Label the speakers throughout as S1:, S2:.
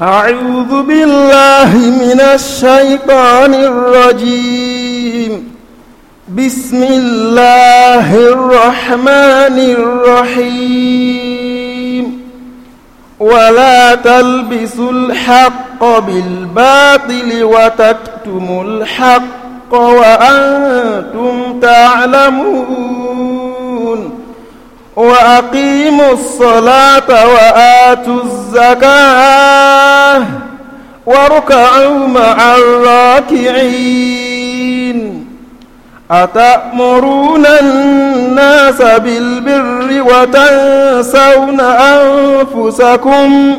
S1: أعوذ بالله من الشيطان الرجيم بسم الله الرحمن الرحيم ولا تلبسوا الحق بالباطل وتكتموا الحق وأنتم تعلمون وأقيموا الصلاة وآتوا الزكاة واركعوا مع الراكعين أتأمرون الناس بالبر وتنسون أنفسكم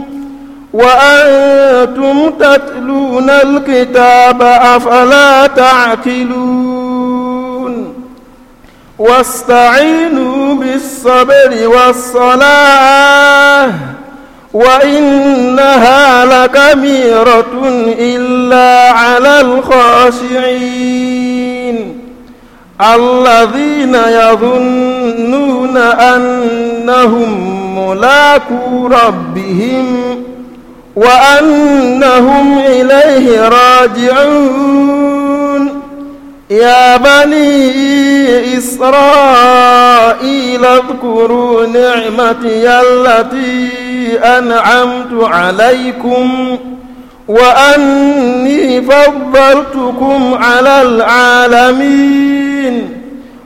S1: وأنتم تتلون الكتاب أفلا تعقلون واستعينوا بالصبر والصلاة وإنها لكبيرة إلا على الخاشعين الذين يظنون أنهم ملاكو ربهم وأنهم إليه راجعون يا بني إسرائيل اذكروا نعمتي التي أنعمت عليكم وأني فضلتكم على العالمين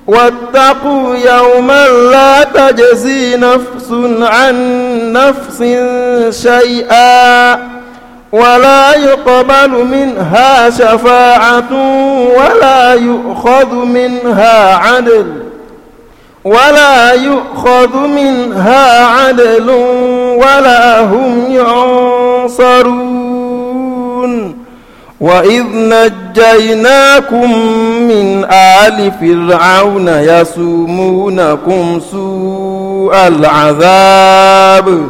S1: واتقوا يوما لا تجزي نفس عن نفس شيئا ولا يقبل منها شفاعة ولا يؤخذ منها عدل ولا يؤخذ منها عدل ولا هم ينصرون وإذ نجيناكم من آل فرعون يسومونكم سوء العذاب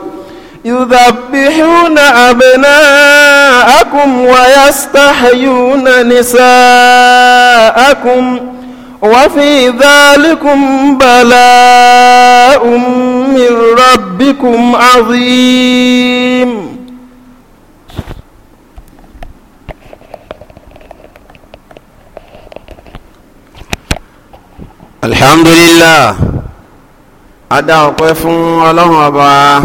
S1: يذبحون أبناءكم أبناءكم ويستحيون نساءكم وفي ذلكم بلاء من ربكم عظيم
S2: الحمد لله أدعو قفوا الله أبعاه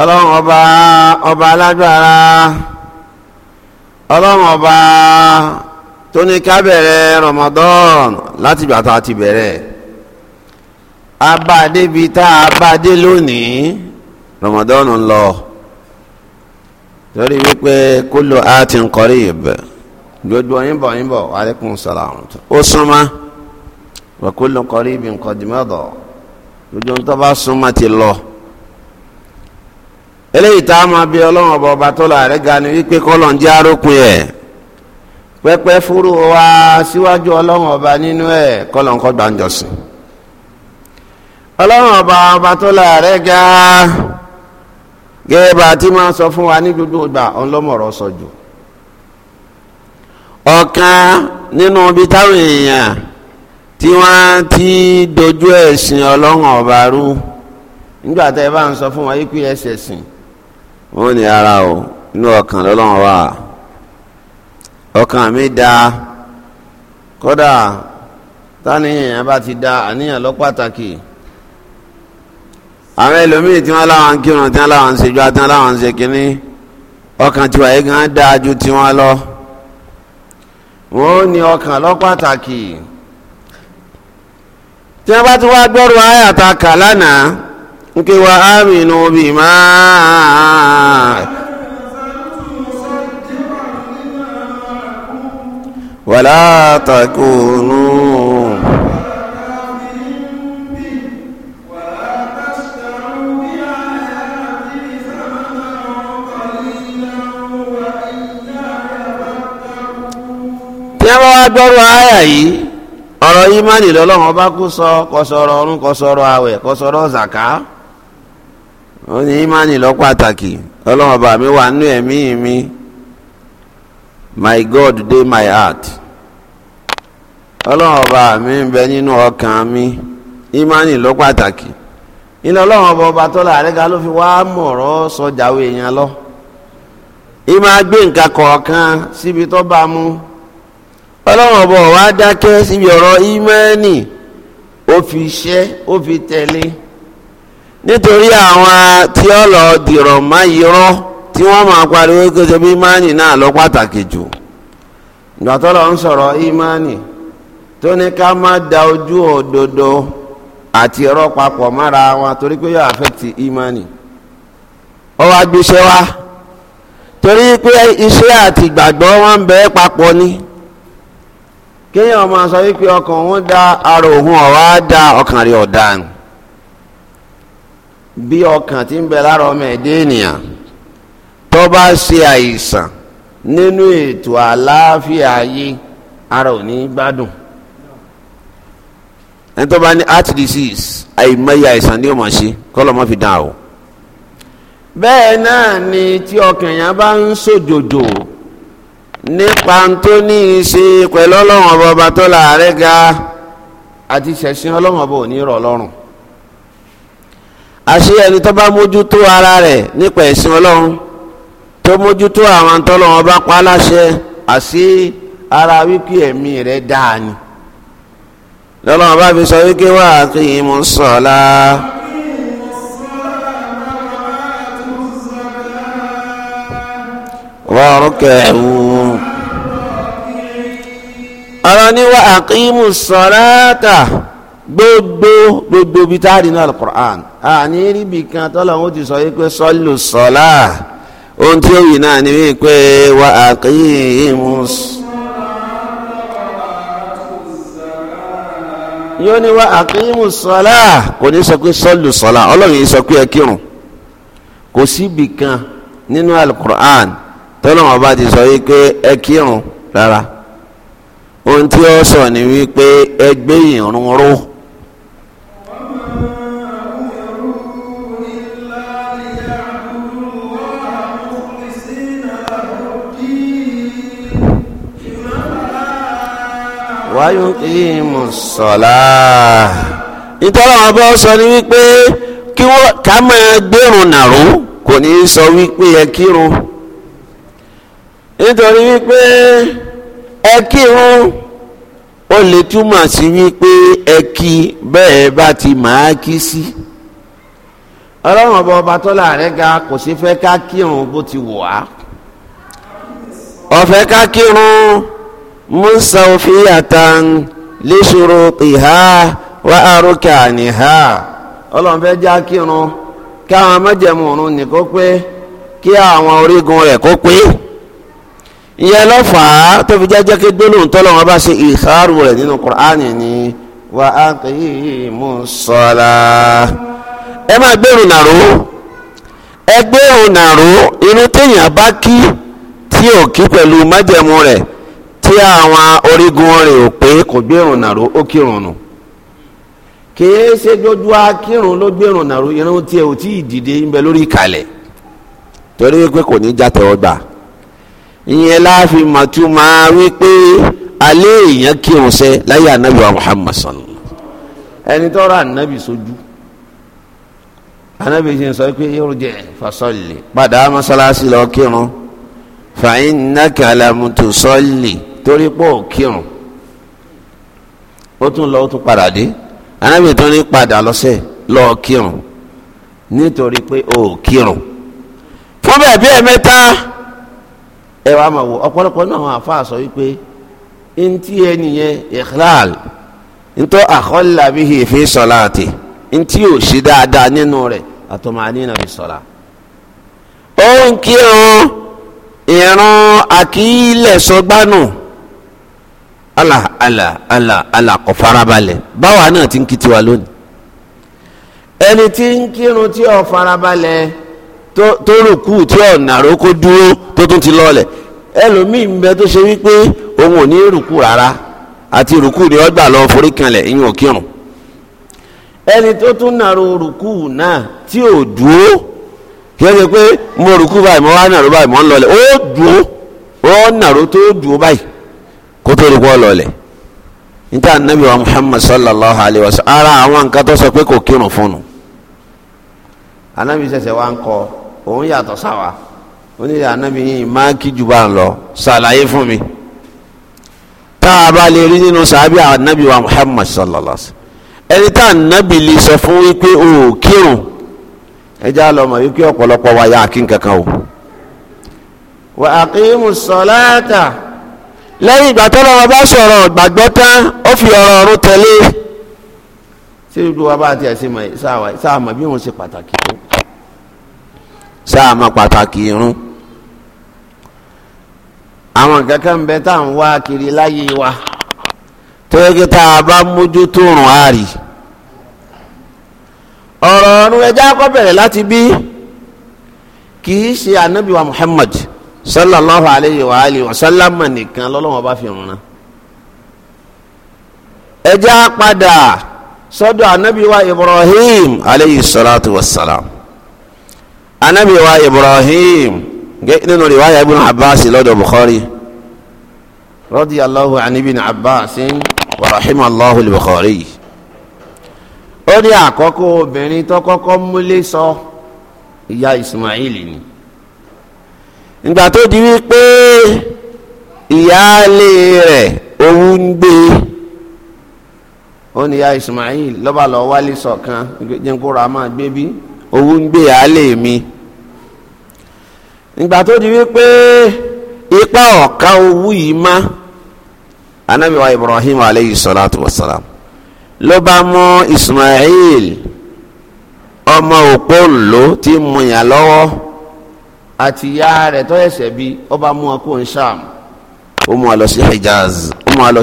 S2: ọlọ́run ọba ọba alágbára ọlọ́run ọba tó ní ká bẹ̀rẹ̀ Ramadan láti ìgbà tá a ti bẹ̀rẹ̀ abáadé bíi tá a bá dé lónìí Ramadan ń lọ torí wípé kullu atin qarib gbogbo yínbọn yínbọn alaikum salaam ó súnmọ́ wa kullu qaribin qad mada gbogbo ń bá súnmọ́ ti lọ. eléyìí tá a máa bí ọba ọba tó la rẹ̀ ga ni wípé kọ́lọ̀ ń jẹ́ arókun Pẹpẹ pẹ́pẹ́ fúru wa síwájú ọlọ́run ọba nínú ẹ̀ kọ́lọ̀ ń kọ́ ọba ọba tó la rẹ̀ ga gẹ́gẹ́ bá a ti máa sọ fún wa ní gbogbo ìgbà ọlọ́mọ̀rọ̀ sọ jù ọ̀kan nínú ibi ti dojú ẹ̀sìn ọlọ́run ọba rú nígbà ẹ sọ fún wa pé wọ́n ni ara o inú ọkàn lọ́lọ́run wà ọkàn mi da kódà tánìyàn bá ti da àníyàn lọ pàtàkì àwọn ẹlòmíì tí láwọn kírun tí wọ́n láwọn ṣèjọ tí wọ́n láwọn ṣe kínní ọkàn tiwa yìí gan ju tiwọn lọ ní ọkàn lọ pàtàkì tí bá ti wá àyàtà kà lánàá ń ولا تكونوا tí a bá yìí ọ̀rọ̀ yìí má ọba kú sọ kọsọ̀rọ̀ ọ̀run kọsọ̀rọ̀ àwẹ̀ kọsọ̀rọ̀ zaka ó ní má nílò pàtàkì ọba mi wà nínú ẹ̀mí mi God dey my ọlọ́run ọba mi ń bẹ nínú ọkàn mi ìmánì ló pàtàkì iná ọlọ́run ọba ọba tọ́lá àrẹ́gá ló fi wá mọ̀rọ́ sọjàwé èèyàn lọ ìmọ̀ agbé nǹkan kọ̀ọ̀kan síbi tó bá mú ọlọ́run ọba ọ̀wá dákẹ́ síbi ọ̀rọ̀ ìmánì ó fi ṣẹ́ ó fi tẹ̀lé nítorí àwọn tí ó lọ dìrọ̀ má irọ́ tí wọ́n máa pariwo kó ṣe bí ìmánì náà lọ pàtàkì jù ìgbà tó ń sọ̀rọ̀ ìmánì. tó ká má da ojú òdodo àti ọ̀rọ̀ papọ̀ mára wọn torí pé yóò àfẹ́tì ìmánì Ọ wá gbéṣẹ́ wá torí pé iṣẹ́ àti ìgbàgbọ́ wọn ń bẹ papọ̀ ni kéèyàn máa sọ wípé ọkàn òun da ara òun ọ̀wá da ọkàn rẹ̀ ọ̀daràn bí ọkàn ti ń bẹ lára ọmọ ẹ̀dẹ́ ènìyàn tó bá ṣe àìsàn nínú ètò àlàáfíà ayé ara ò ní gbádùn ẹni tó bá ní heart disease àìmọye àìsàn ni ó máa ṣe kọ́lọ̀ má fi dán o. bẹ́ẹ̀ náà ni tí ọkàn yẹn bá ń ṣòjòjò nípa tó ní í ṣe pẹ̀lú ọlọ́run ọba ọba tó láàárẹ̀ ga àti ṣẹ̀sìn ọlọ́run ọba ò ní rọ̀ lọ́rùn. àṣé ẹni tó bá mójútó ara rẹ̀ nípa ẹ̀sìn ọlọ́run tó mójútó àwọn tọ́lọ́run ọba pa láṣẹ àṣé ara wípé ẹ̀mí rẹ̀ dáa ni lọ́nà bá fi sọ wípé wà á kí imú sọ̀lá. wọ́ọ̀rùkẹ̀wù. ọ̀rọ̀ ní wà á kí imú sọ̀lá tà gbogbo gbogbo bíi tá a rí ní alukur'an àní ríbi kan tọ́lọ̀ ń ti sọ wípé sọ́lù sọ̀lá ohun tí ó yìí náà ni wípé wà á kí imú sọ̀lá. yóò ní wá àkíyèmù sọlá kò ní sọ pé sọlù sọlá ọlọ́run yìí sọ pé ẹ kírun kò síbi kan nínú alukur'an tọ́lọ́wọ́n bá ti sọ yìí pé ẹ kírun rárá ohun tí ó sọ ni wípé ẹ gbé ìrun ró wáyú kí mùsọ̀lá. ìtọ́lá wọn bọ́ sọ ni wípé kí wọ́n ká máa gbérun nàró kò ní í sọ wípé ẹ kírun nítorí wípé ẹ kírun ó lè túmọ̀ sí wípé ẹ kí bẹ́ẹ̀ bá ti máa kí sí ọlọ́run ọba ọba tọ́lá rẹ̀ ga kò sí fẹ́ ká kírun bó ti wù á ọ̀fẹ́ ká kírun mùsàfíàtàn lẹ́sọ̀rọ̀ ìhà wà àrùkà nìhà ọlọ́run fẹ́ já kírun kí àwọn mẹ́jẹ̀mú òrun nìkó pé kí àwọn orígun rẹ̀ kó pé ìyẹn ló fà á tó fi jẹ́jẹ́ kí gbólóhùn tọ́lọ́run bá ṣe ìsáàrù rẹ̀ nínú kùránì ni wà á kì í mú ẹ máa gbèrú nàró ẹ gbèrú nàró irun téèyàn bá kí tí ò kí pẹ̀lú mẹ́jẹ̀mú rẹ̀ tí àwọn orígun rẹ̀ ò pé kò gbérùn nàró ó kírun nù kìí ṣe dojú akírun ló gbérùn nàró irun tiẹ̀ ò tí ì dìde ń bẹ lórí ìkàlẹ̀ torí pé kò ní jàtẹ̀ ọgbà ìyẹn láàfin màtú máa wí pé alẹ́ èèyàn kírun láyé anabi wa muhammad anabi sojú ṣe ń sọ pé fasọ́lì padà mọ́sálásí lọ kírun fa torí pé ò kírun ó tún lọ ó tún padà dé anábì tó ní padà lọ́sẹ̀ lọ kírun nítorí pé ò kírun fún bẹ́ẹ̀ bí ẹ mẹ́ta ẹ wàá máa wò ọ̀pọ̀lọpọ̀ náà àwọn àfa sọ wípé ntí ẹni yẹn ikhlal ntọ́ akhalla bihi fi salati ntí ò ṣe dáadáa nínú rẹ̀ atmanina fi salat ó ń kírun ìran àkílẹ̀ sọgbánù. So ala ala ala ala kò farabalẹ̀ báwa náà ti ń kí tiwa lónìí ẹni tí ń kírun tí ò farabalẹ̀ tó rùkú tí ò nàró kó dúró tó tún ti lọ́ọ̀lẹ̀ ẹlòmíì bẹ tó ṣe wípé òun ò ní rárá àti rùkú ni ó gbà lọ forí kanlẹ̀ ìyún òkírun ẹni tó tún nàró rùkú náà tí ò dúró kí pé mo rùkú báyìí mo wá nàró báyìí mo ń ó dúró ó nàró tó dúró báyìí kó tó rí bọ́ọ̀lù ọ̀lẹ̀ níta anabi wa muhammad sallallahu alayhi wa sallam ara àwọn nǹkan tó sọ pé kò kírun fún un anabi ṣẹ̀ṣẹ̀ wa ń kọ òun yàtọ̀ sáwa onílé anabi yìí máa kí jù bá ń lọ ṣàlàyé fún mi tá a bá lè rí nínú sàábì anabi wa muhammad sallallahu alayhi wa sallam ẹni tá anabi lè sọ fún wípé o kírun ẹ já lọ mọ̀ wípé ọ̀pọ̀lọpọ̀ wa yà á kí nǹkan kan o. wa lẹ́yìn ìgbà tó lọ́wọ́ bá sọ̀rọ̀ gbàgbọ́ tán ó fi ọ̀rọ̀ ọ̀run tẹ̀lé ṣé gbogbo wa bá tiẹ̀ sí sáàmà bí wọ́n ṣe pàtàkì tó sáàmà pàtàkì irun àwọn kankan ń bẹ tá à ń wá kiri láyé wa tóyẹ kí tá a bá mójútó rùn á rì ọ̀rọ̀ ọ̀run ẹja kọ́ bẹ̀rẹ̀ láti bí kì í ṣe ànábìwá Muhammad sallallahu alayhi wa alihi wa sallama nìkan lọ́lọ́wọ́n bá fi rún un. ẹ já padà sọ́dọ̀ anabi wa ibrahim aleyhi salatu wa salam anabi wa ibrahim nínú riwaya ibn abbas lọ́dọ̀ bukhari radiyallahu an ibn abbas wa rahim allahu al-bukhari ó ní àkọ́kọ́ obìnrin tó kọ́kọ́ múlé sọ ìyá ismail ni ìgbà tó di wípé ìyáálé rẹ̀ òun ń gbé ó ní ya Ismail lọ́ba lọ wálé sọ̀kan jẹ́nkóra máa gbé bí òun ń gbé ìyáálé mi ìgbà tó di wípé ipa ọ̀ka owó yìí má Ànábì wa Ibrahim aleyhi salatu wa salam ló bá Ismail ọmọ òpó ńlò tí mu lọ́wọ́ àti ìyá rẹ tó ẹ̀sẹ̀ bí ó mú wọn kó ó mú lọ Hijaz ó mú wọn lọ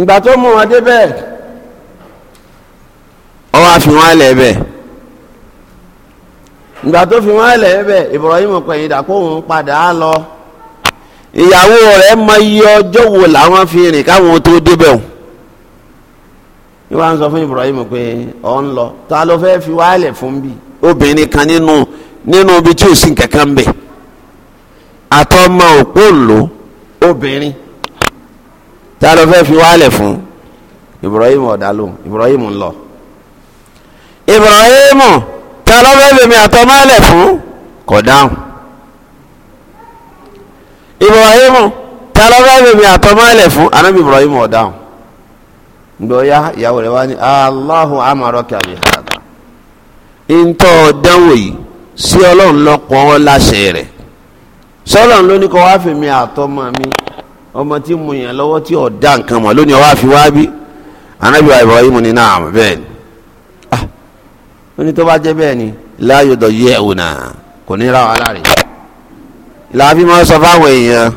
S2: ìgbà tó mú Ọ wá fi wọn lẹ̀ bẹ̀ ìgbà fi wọn lẹ̀ bẹ̀ Ibrahim pẹ̀yìn padà á lọ ìyàwó rẹ̀ mọ iye ọjọ́ wo làwọn fi rìn káwọn tó débẹ̀ o ìwà ń fún Ibrahim pé ọ̀ ń lọ ta ló fẹ́ fi fún bi obìnrin kan nínú nínú ibi tí ò sí kankan ń bẹ àtọmọ òpó lò obìnrin tá a lọ fẹ́ fi wálẹ̀ fún Ibrahim ọ̀dàlù Ibrahim ńlọ Ibrahim tá a lọ fẹ́ fi mi àtọmọ ẹlẹ̀ fún kò dáhùn Ibrahim tá a lọ fẹ́ fi mi àtọmọ ẹlẹ̀ fún anábì Ibrahim ọ̀dàhùn gbọ́yà ìyàwó rẹ̀ wá ní Allahu amarọ́kẹ́ àbíyá. ntọ́ dánwò yìí sí ọlọ́run lọ́pọ̀ ọ́ láṣẹ rẹ̀ sọlọ́run ló kọ́ wá fi mi àtọ́mọ mi ọmọ tí mo yàn lọ́wọ́ tí ò nǹkan mọ̀ lónìí ọwọ́ àfi wá bí anábì wa Ibrahim ní náà bẹ́ẹ̀ ni ah ó ní tó bá jẹ́ bẹ́ẹ̀ ni láàyò dọ̀ yẹ ẹ̀wò náà kò ní ra wàhálà rẹ̀ làáfi máa sọ fáwọn èèyàn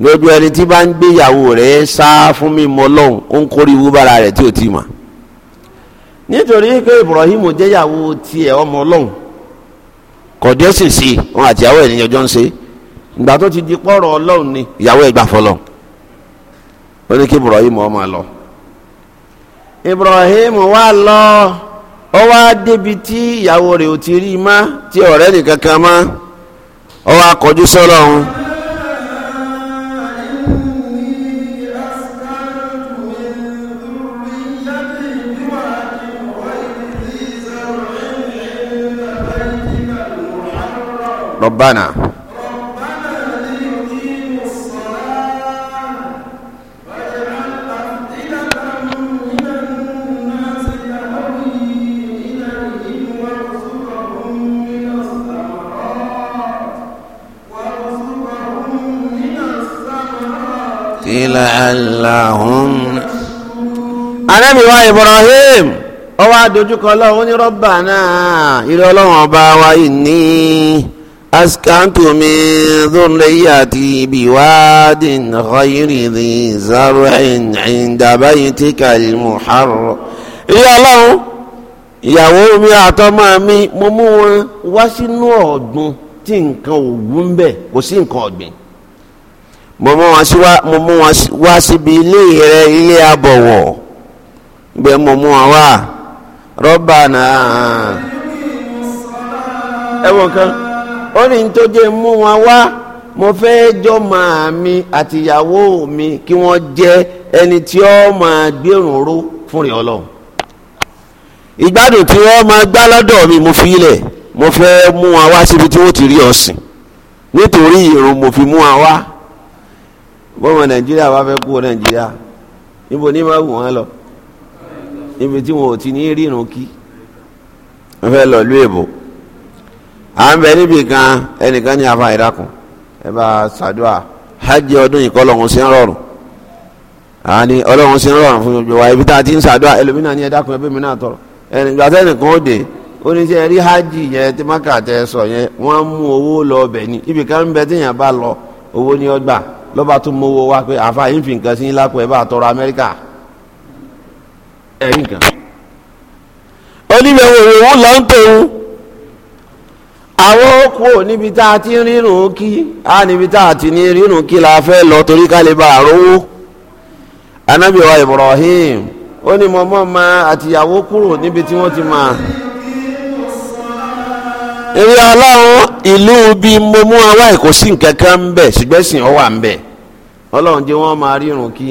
S2: gbogbo ẹni tí bá ń gbéyàwó rẹ̀ sá fún mímọ́ lọ́hùn ó ń kórìí wúbára rẹ̀ tí ò tí ì mọ̀ nítorí pé Ibrahim jẹ́yàwó tiẹ̀ ọmọ ọlọ́run kọ̀dé sì sí wọn àti ìyàwó ẹ̀ ní ọjọ́ ń ṣe ìgbà tó ti di pọ́rọ̀ ọlọ́run ni ìyàwó ẹ̀ gbà fọlọ́ ó ní kí Ibrahim ọmọ lọ Ibrahim wá lọ ó wá débi tí ìyàwó rẹ̀ ò ti rí i má tí ọ̀rẹ́ nìkan kan má ó wá kọjú sọ́lọ́run. ربنا لعلهم Ànábì wa Ibrahim ó wá dojúkọ Ọlọ́run ní Rabbana ìrẹ Ọlọ́run ọba wa yìí ní askantu min dhurriyyati biwadin ghayri dhi zar'in 'inda baytikal muharram ìyá ọlọ́run ìyàwó mi àtọmọ mi mo mú wọn wá sínú ọ̀gbun tí nǹkan ò wú ń bẹ̀ kò sí nǹkan ọ̀gbìn mo mú wọn wá síbi ilé rẹ ilé abọ̀wọ̀ bẹ́ẹ̀ mo wọn wá rọ́bà náà ẹ̀wọ̀n kan ó ní tó jẹ́ mú wọn wá mo fẹ́ jọ màá mi àtìyàwó mi kí wọ́n jẹ́ ẹni tí ó máa gbérùn ró fún ọlọ́run ìgbádùn tí wọ́n máa gbá lọ́dọ̀ mi mo fi ilẹ̀ mo fẹ́ mú wọn wá síbi tí wọ́n ti rí ọ̀sìn nítorí ìrun mo fi mú wọn wá bọ́mọ nàìjíríà wá fẹ́ kú nàìjíríà níbo ní má wù wọ́n lọ níbi tí wọn ò ti ní rí irun kí wọ́n fẹ́ lọ lú èbò. a ń bẹ níbi kan ẹnìkan ní afa ìdákun ẹ bá hajj ọdún yìí kọ́ lọ́hún sí ń rọrùn àní ọlọ́run sí ń rọrùn fún a ti ń ṣàdúrà ẹlòmínà ní ebe ẹbí mi náà tọrọ ẹnìgbà tẹnìkan ó dé oníṣẹ́ rí hajj yẹn maka tẹ sọ yẹn wọ́n mú owó lọ ni ibi kan ń bẹ téèyàn bá lọ owó ní ọgbà lọ́ba tún mú owó wá pé àwọn kú níbi tá a ti rírun kí a níbi tá a ti ní rírun kí la fẹ́ lọ torí ká lè Ibrahim ó ní mọ́mọ́ ma àtìyàwó kúrò níbi tí wọ́n ti máa. eré ọlọ́run ìlú bíi mo àwa èkó sí nǹkan kan ń bẹ̀ ṣùgbẹ́sìn ọ wà ń bẹ̀ ọlọ́run jẹ́ wọ́n máa rírun kí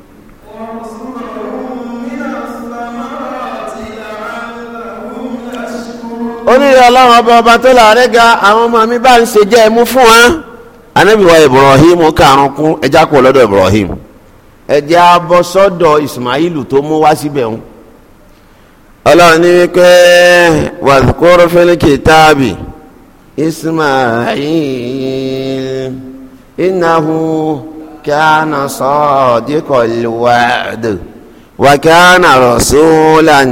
S2: onílẹ̀ ọlọ́run ọba ọba tó láàrẹ́ ga àwọn ọmọ mi bá ń ṣe jẹ́ ẹmú fún wa anábìwá ibrahim karùn kún ẹja kú lọ́dọ̀ ibrahim ẹjẹ́ abọ́ sọ́dọ̀ ismail tó mú wá síbẹ̀ ń ọlọ́run ní wípé wàzukúrú fẹ́lẹ́kì táàbì ismail innahu kana sadiqal wa'd wa kana rasulan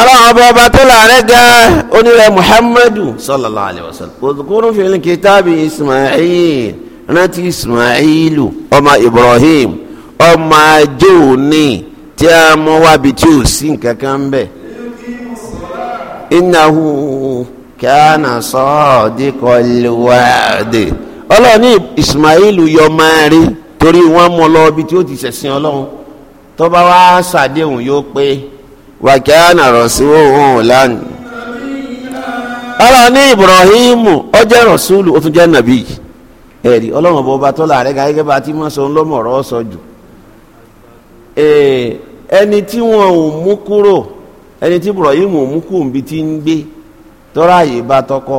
S2: ọlọ́run ọba ọba tó láàrẹ́ gan onírẹ̀ muhammadu sallallahu alayhi wa fìlì kìtàbí ismail rántí isma'il ọmọ ibrahim ọmọ jóòní tí a mọ wábi tí ò sí nǹkan kan ń bẹ. innahu kana sadiqal wa'di ọlọ́run yọ máa rí torí wọ́n mọ wàkíánà rọ̀síwò òun ọlọ́run ní Ibrahim ó rọ̀súlù ó jẹ́ nàbí ẹ̀rí ọlọ́run ọba tó láàrẹ́ ga gẹ́gẹ́ bá ti mọ́ sọ ńlọ́mọ̀ sọ jù ẹni tí wọn ò mú kúrò ẹni tí Ibrahim ò mú kúrò níbi tí ń gbé tọ́ra àyè bá tọkọ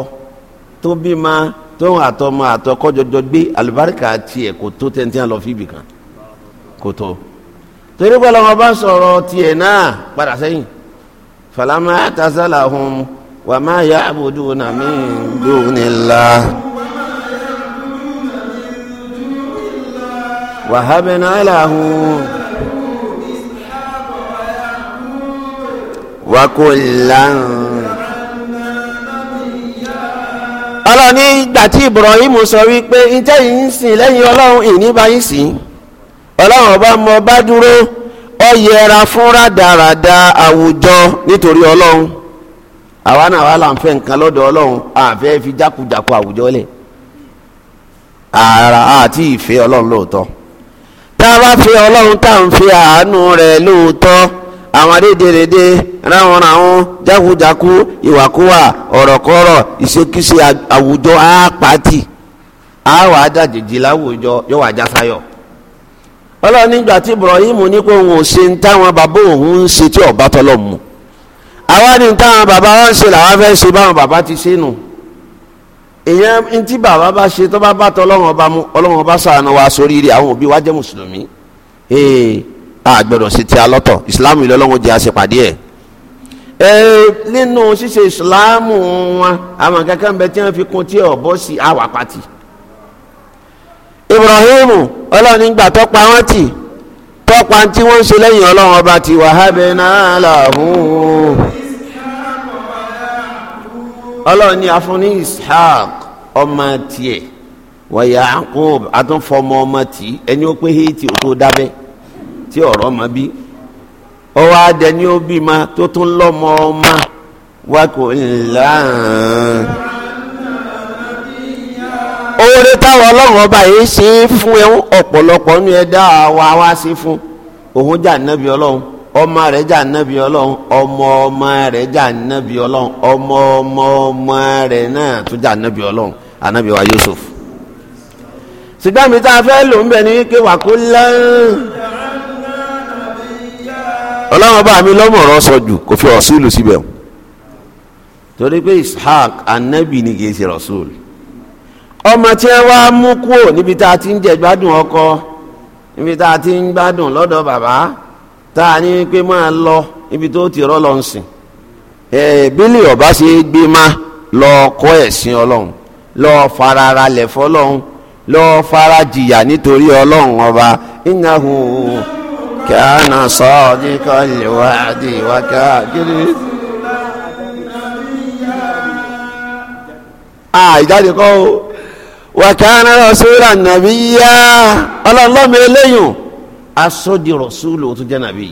S2: tó ma tóun àtọmọ àtọkọ jọjọ gbé àlùbáríkà tiẹ̀ kò tó tẹ́ntẹ́n lọ fíbì kan kò torí pé lọ́wọ́ bá sọ̀rọ̀ tiẹ̀ náà padà sẹ́yìn fàlámà tazala hum wà má yá àbòdù nàmí dùnìlá. وهبنا له وكلا ọlọ́ni ني tí Ibrahim sọ wípé ìtẹ́yìn ń sìn lẹ́yìn ọlọ́run ìní ọlọ́run ọba mọ bá dúró ọ yẹra fún rádaràda àwùjọ nítorí ọlọ́run àwa náà wà láǹfẹ́ nǹkan lọ́dọ̀ ọlọ́run àfẹ́ fi jákujàku àwùjọ lẹ̀ ara àti ìfẹ́ ọlọ́run lóòótọ́ tá a bá fẹ́ ọlọ́run tá à ń fi àánú rẹ̀ lóòótọ́ àwọn adédèrèdè ráwọn ráwọn jákujàku ìwàkúwà ọ̀rọ̀kọ́rọ̀ ìṣekíṣe àwùjọ àpáàtì àwa àdàjèjì láwùjọ yóò wá já sáyọ̀ ọlọ́run nígbà tí Ibrahim ní kó òun ò ṣe ń táwọn bàbá òun ń ṣe tí ọ̀bá tọ́lọ̀ mu àwa ni táwọn bàbá wa ń ṣe làwa fẹ́ ṣe báwọn bàbá ti ṣe nù èèyàn ń tí bàbá bá ṣe tó bá bá tọ́ ọlọ́run ọba mu ọlọ́run ọba ṣàánú wa sórí rí àwọn òbí wa jẹ́ mùsùlùmí ee àgbẹ̀dọ̀ sí ti alọ́tọ̀ ìsìláàmù ilé ọlọ́run jẹ́ àṣepàdé ẹ̀ nínú ṣíṣe ìsìláàmù wọn àwọn kankan bẹ tí wọ́n fi kún tí ọ̀bọ sí àwàpàtì ibrahim ọlọ́run nígbà tọ́pa wọn tì tọ́pa tí wọ́n ń ṣe lẹ́yìn ọlọ́run ọba ti wàhábẹ́ náà làhùn. ọlọ́run afúnni ishaq ọmọ tiẹ̀ wa yaqub àtúnfọmọ ọmọ tì ẹni ó pé hétí ó tó dábẹ́ tí ọ̀rọ̀ ọmọ bí ọwọ́ adẹ ni ó tó tún lọ́mọ ọmọ wákò oore táwọn ọlọ́run ọba yìí ṣe é fún ẹ ọ̀pọ̀lọpọ̀ ní ẹ̀dá wa wá sí fún òun jà nábì ọlọ́run ọmọ rẹ̀ jà nábì ọlọ́run ọmọ ọmọ rẹ̀ jà nábì ọlọ́run ọmọ ọmọ ọmọ rẹ̀ náà tún jà nábì ọlọ́run ànábì wa Yusuf. ṣùgbọ́n mi tá a fẹ́ lò ń bẹ̀ ní kí wà kó lẹ́rìn. ọlọ́run ọba mi lọ́mọ ọ̀rọ̀ sọ jù kò fi ọ̀sùn ìlú síbẹ̀ torí pé Ishaq ànábì ni kì í ṣe rọ̀sùlù ọmọ tí ẹ wá mú kúrò níbi tá a ti ń jẹ gbádùn ọkọ níbi tá a ti ń gbádùn lọ́dọ̀ bàbá tá a ní pé máa lọ ibi tó ti rọ́ lọ sìn ẹ bílí ọba ṣe gbé má lọ kọ́ ẹ̀sìn ọlọ́run lọ fara ra lẹ̀ fọlọ́run lọ fara jìyà nítorí ọlọ́run ọba innahu kana sadiqal wa'di wa káàkiri. àìjáde kọ́ o. wàkàrà rọ̀ṣúlà nàbíyá ọlọ́lọ́mọ eléyìn asọ́di rọ̀ṣúlù tó jẹ́ nàbí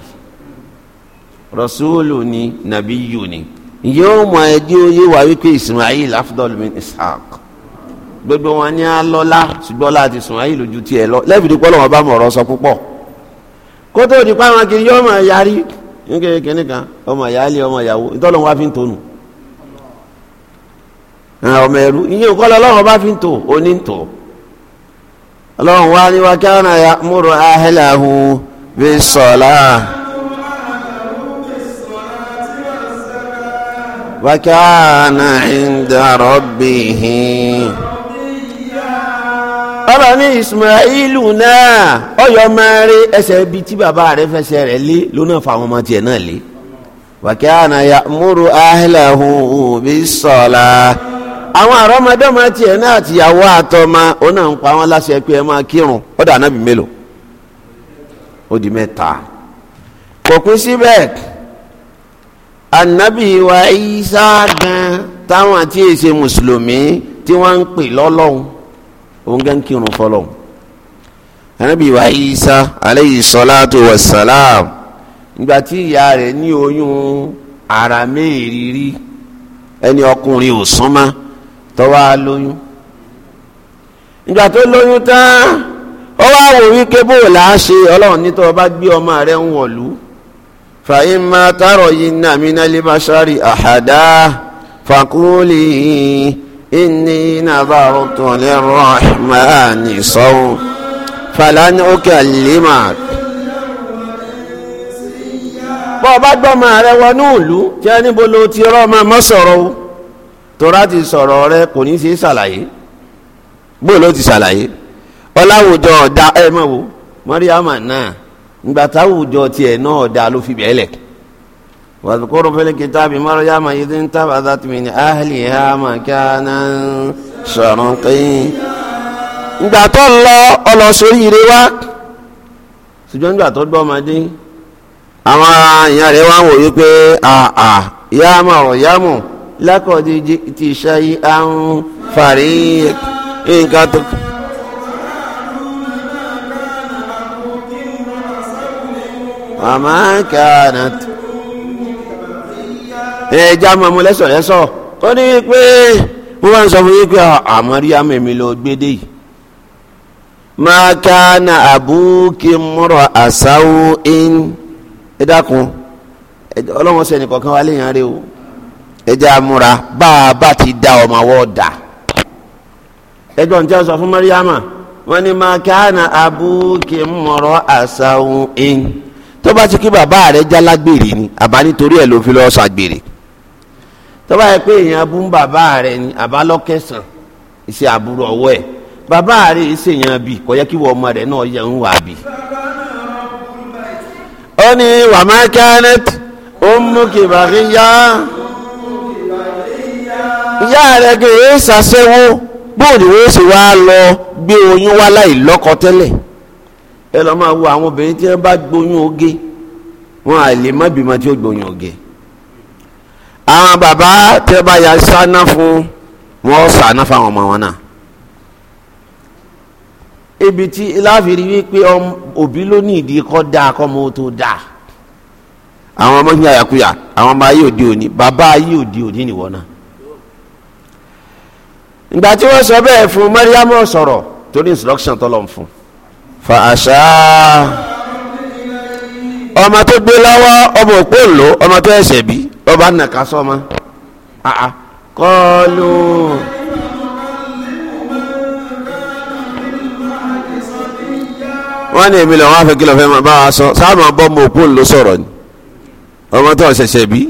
S2: rọ̀ṣúlù ni nàbí yù ni yóò mọ ẹdí oyé wa wípé ismail afdol min ishaq gbogbo wọn ní alọ́lá ṣùgbọ́n láti ismail ojú tiẹ̀ lọ lẹ́bìdì pọ́lọ́ wọn bá mọ̀ ọ̀rọ̀ sọ púpọ̀ kótó òdìpá wọn kiri yóò mọ̀ ẹ̀yárí ní kékeré kan ọmọ ìyáálé ọmọ ìyàwó ìtọ́lọ́wọ́n wá fi ń tónù ọmọ ẹrú ìyẹn òkọ́ lọ́wọ́ bá fi ń tò oní ń tò ọlọ́run wá ní wákàrà ya múrò ahẹ́làhù bí sọ̀lá wákàrà ìdàrọ̀ bìhì ọ̀rọ̀ ní Ismailu náà ọyọ mẹ́rin ẹsẹ̀ bíi tí bàbá rẹ̀ fẹsẹ̀ rẹ̀ lé lónà fáwọn ọmọ tiẹ̀ náà lé wákàrà ya múrò ahẹ́làhù bí sọ̀lá àwọn àrọ́mọdọ́mọ tiẹ̀ náà àtìyàwó àtọmọ òun náà ń pa wọn láṣẹ pé ẹ máa kírun ó dà nábì mélòó ó di mẹ́ta kò pín síbẹ̀ ànábì wa Ìsá gan táwọn àti èsè mùsùlùmí tí wọ́n ń pè lọ́lọ́hún òun gan kírun fọlọ́hún ànábì wa Ìsá aleyhi salatu wa salam ìgbà tí ìyá rẹ̀ ní oyún ara mẹ́rin rí ẹni ọkùnrin ò sánmọ́ tó wá lóyún ìgbà tó lóyún tán ó wá wò wípé bó làá ṣe ọlọ́run ní tó o bá gbé ọmọ rẹ ń wọ̀lú fàyín máa tààrọ̀ yìí ní àmínà lè má ṣáàrì àhàdá fàkúlì ìní nàbàrò tó lè sọ́wọ́ fàlàní òkè àlèmà. bọ́ bá gbọ́ ọmọ rẹ wọnú ìlú tí níbo lo ti rọ́ ọmọ mọ́sọ̀rọ̀ o. tora ti sɔrɔ rɛ kò ní se salaye bolo ti salaye ɔláwùjọ ɔdá ɛ mɛ wo mariama náà ŋgbata wùjọ tiɛ náà ɔdá ló fi bɛlɛ wàtukɔrɔ fɛlɛ kita bi mariama yi ti ń taba dati mi ni ahli hama kana sɔrɔ kéé ŋgbatɔ lɔ ɔlɔsori yire wa sujɔ ŋgbatɔ dɔ ma di àwọn ìyá rẹ wá wòye pé a a yá mọ̀ yá لقد جئت شيئا فريق nǹkan tó kàn. وما كانت na-. já mọ ọmọ lẹsọ lẹsọ ó ní pé wọn wá ń sọ fún yín pé àmọ́ rí àmọ́ èmi ló gbédè yìí ma kana abuki mọ́rọ̀ àṣàwò ẹ̀ ń ẹ ọlọ́wọ́n ẹjẹ́ amúra bá a bá ti da ọmọ awọ dà. ẹjọ́ ń tẹ́ sọ fún mẹ́ríàmà wọ́n ní máa káànà abúkì mọ̀rọ̀ àṣàhùn ẹ̀yìn tó bá ti kí bàbá rẹ̀ já ni àbá nítorí ẹ̀ ló fi lọ́ọ́ ṣàgbèrè tó bá yẹ pé èèyàn abú bàbá rẹ̀ ni àbá lọ́kẹsàn ìṣe àbúrò ọwọ́ ẹ̀ bàbá rẹ̀ ìṣe bì kò yẹ kí wọ́n ọmọ rẹ̀ náà yẹ ń wà bì. ó ní wàmákánẹ́tì ó mú kìbàkí yá. ìyá rẹ̀ gan èé ṣàṣẹ́wó bóò ni wọ́n sì wá lọ gbé oyún wá láì lọ́kọ tẹ́lẹ̀ ẹ lọ́ máa wo àwọn obìnrin tí wọ́n bá gbóyún oge wọn à lè má bímọ tí ó gbóyún oge àwọn bàbá tẹ́ bá ya sáná fún wọn sáná fáwọn ọmọ wọn náà ibi tí láfiri wípé òbí ló ní ìdí kọ́ dáa kọ́ mọ́ tó dáa àwọn ọmọ yín àyàkúyà àwọn ọmọ ayé òde òní bàbá ayé òde òní nìwọ náà ìgbà tí wọ́n sọ bẹ́ẹ̀ fún mẹ́ríàmù sọ̀rọ̀ torí instruction tó lọ́n fún fa àṣà ọmọ tó gbé lọ́wọ́ ọmọ òpó ọmọ tó ẹsẹ̀ bí ọba nàka sọmọ wọ́n ní èmi fẹ́ máa bá wa sọ ọmọ òpó lò sọ̀rọ̀ ọmọ tó ẹsẹ̀ bí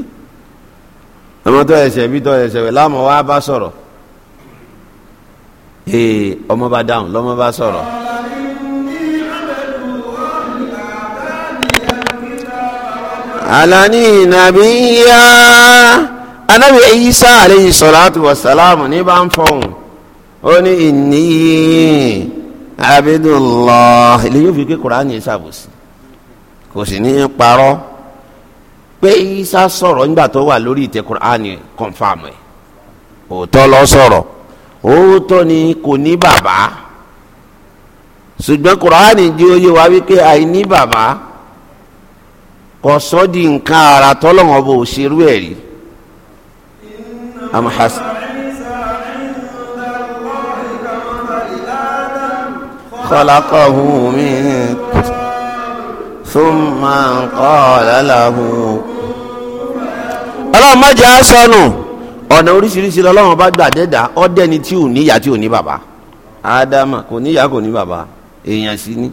S2: ọmọ tó ẹsẹ̀ bí tó ẹsẹ̀ bí ee eh, ọmọ bá dáhùn lọ́mọ bá sọ̀rọ̀. alani ya anabi ayisa aleyhi salatu wa salamu ni ba n fọhùn o ni ìní abidullah ilé yóò fi ké kuraani si kò sì ní parọ́ pé isa sọ̀rọ̀ nígbà tó wà lórí ìtẹ kuraani kọ̀nfàmù ẹ̀ òótọ́ lọ sọ̀rọ̀. òótọ́ ni kò ní bàbá ṣùgbọ́n kùránì di oyé wa wípé àìní bàbá kò sọ́ di nǹkan ara tọ́lọ́wọ́n bò ṣerú ẹ̀ rí. am hasan. خلقه من ثم قال له اللهم اجعل سنو ọ̀nà oríṣiríṣi lọ́lọ́wọ́n bá gbà dẹ́dà ọ̀dẹ́ ni tí ò níyà tí ò ní bàbá ádámà kò níyà kò ní bàbá èèyàn sì ni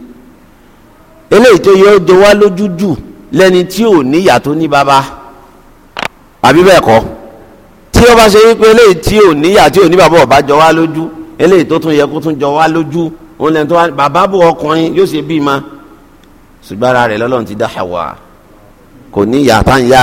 S2: eléyìí tó yẹ ó jẹ wá lójú jù lẹ́ni tí ò níyà tó ní bàbá àbí bẹ́ẹ̀ kọ́ tí ó bá ṣe wípé eléyìí tí ò níyà tí ò ní bàbá ọ̀bá jọ wá lójú eléyìí tó tún yẹ kó tún jọ wá lójú òun lẹ́ni tó wá bàbá bò ọkùnrin yóò ṣe bí ma ṣùgbọ́n ara rẹ̀ lọ́lọ́run ti dá Hawa kò níyà tá ń yá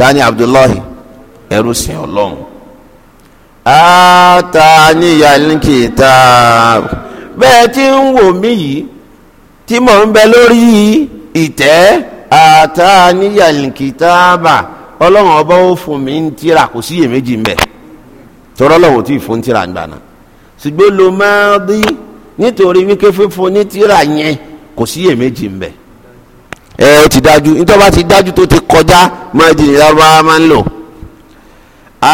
S2: tani abdullahi ẹrú sìn ọlọ́run àtàníyàn kitab bẹ́ẹ̀ tí ń wò mí yìí tí mò ń bẹ lórí ìtẹ́ àtàníyàn kitaba ọlọ́run ọba ó fún mi ń tira kò sí iyèméjì ń bẹ tí tira ẹ ó ti dájú nítorí bá ti dájú tó ti kọjá máa jìnnì lárúbáwá máa ń lò.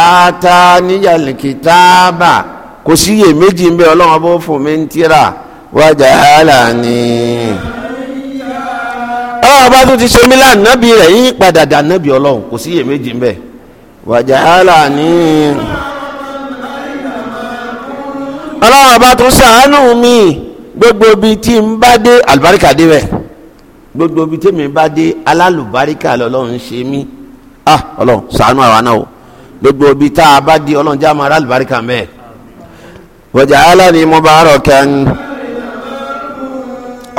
S2: ata níyàlè kìtáàbà kò sí iye méjì ń bẹ ọlọ́run bó fún mi ń tíra wájà hàlà ni. ọlọ́run bá tún ti ṣe mí lánàbí rẹ̀ yín padà dànàbí ọlọ́run kò sí iye méjì ń bẹ wájà hàlà ni. ọlọ́run bá tún ṣàánú mi gbogbo bíi tí n bá dé àlùbáríkà dé bẹ́ẹ̀ gbogbo ibi tẹ́mi bá dé alálùbáríkà lọ́lọ́run ṣe mí ah ọlọ́run ṣàánú àwa náà o gbogbo ibi tá a bá dé ọlọ́run já máa alálùbáríkà mẹ́ẹ̀. wọ́jà aláàní mo bá rọ̀ kẹ́ń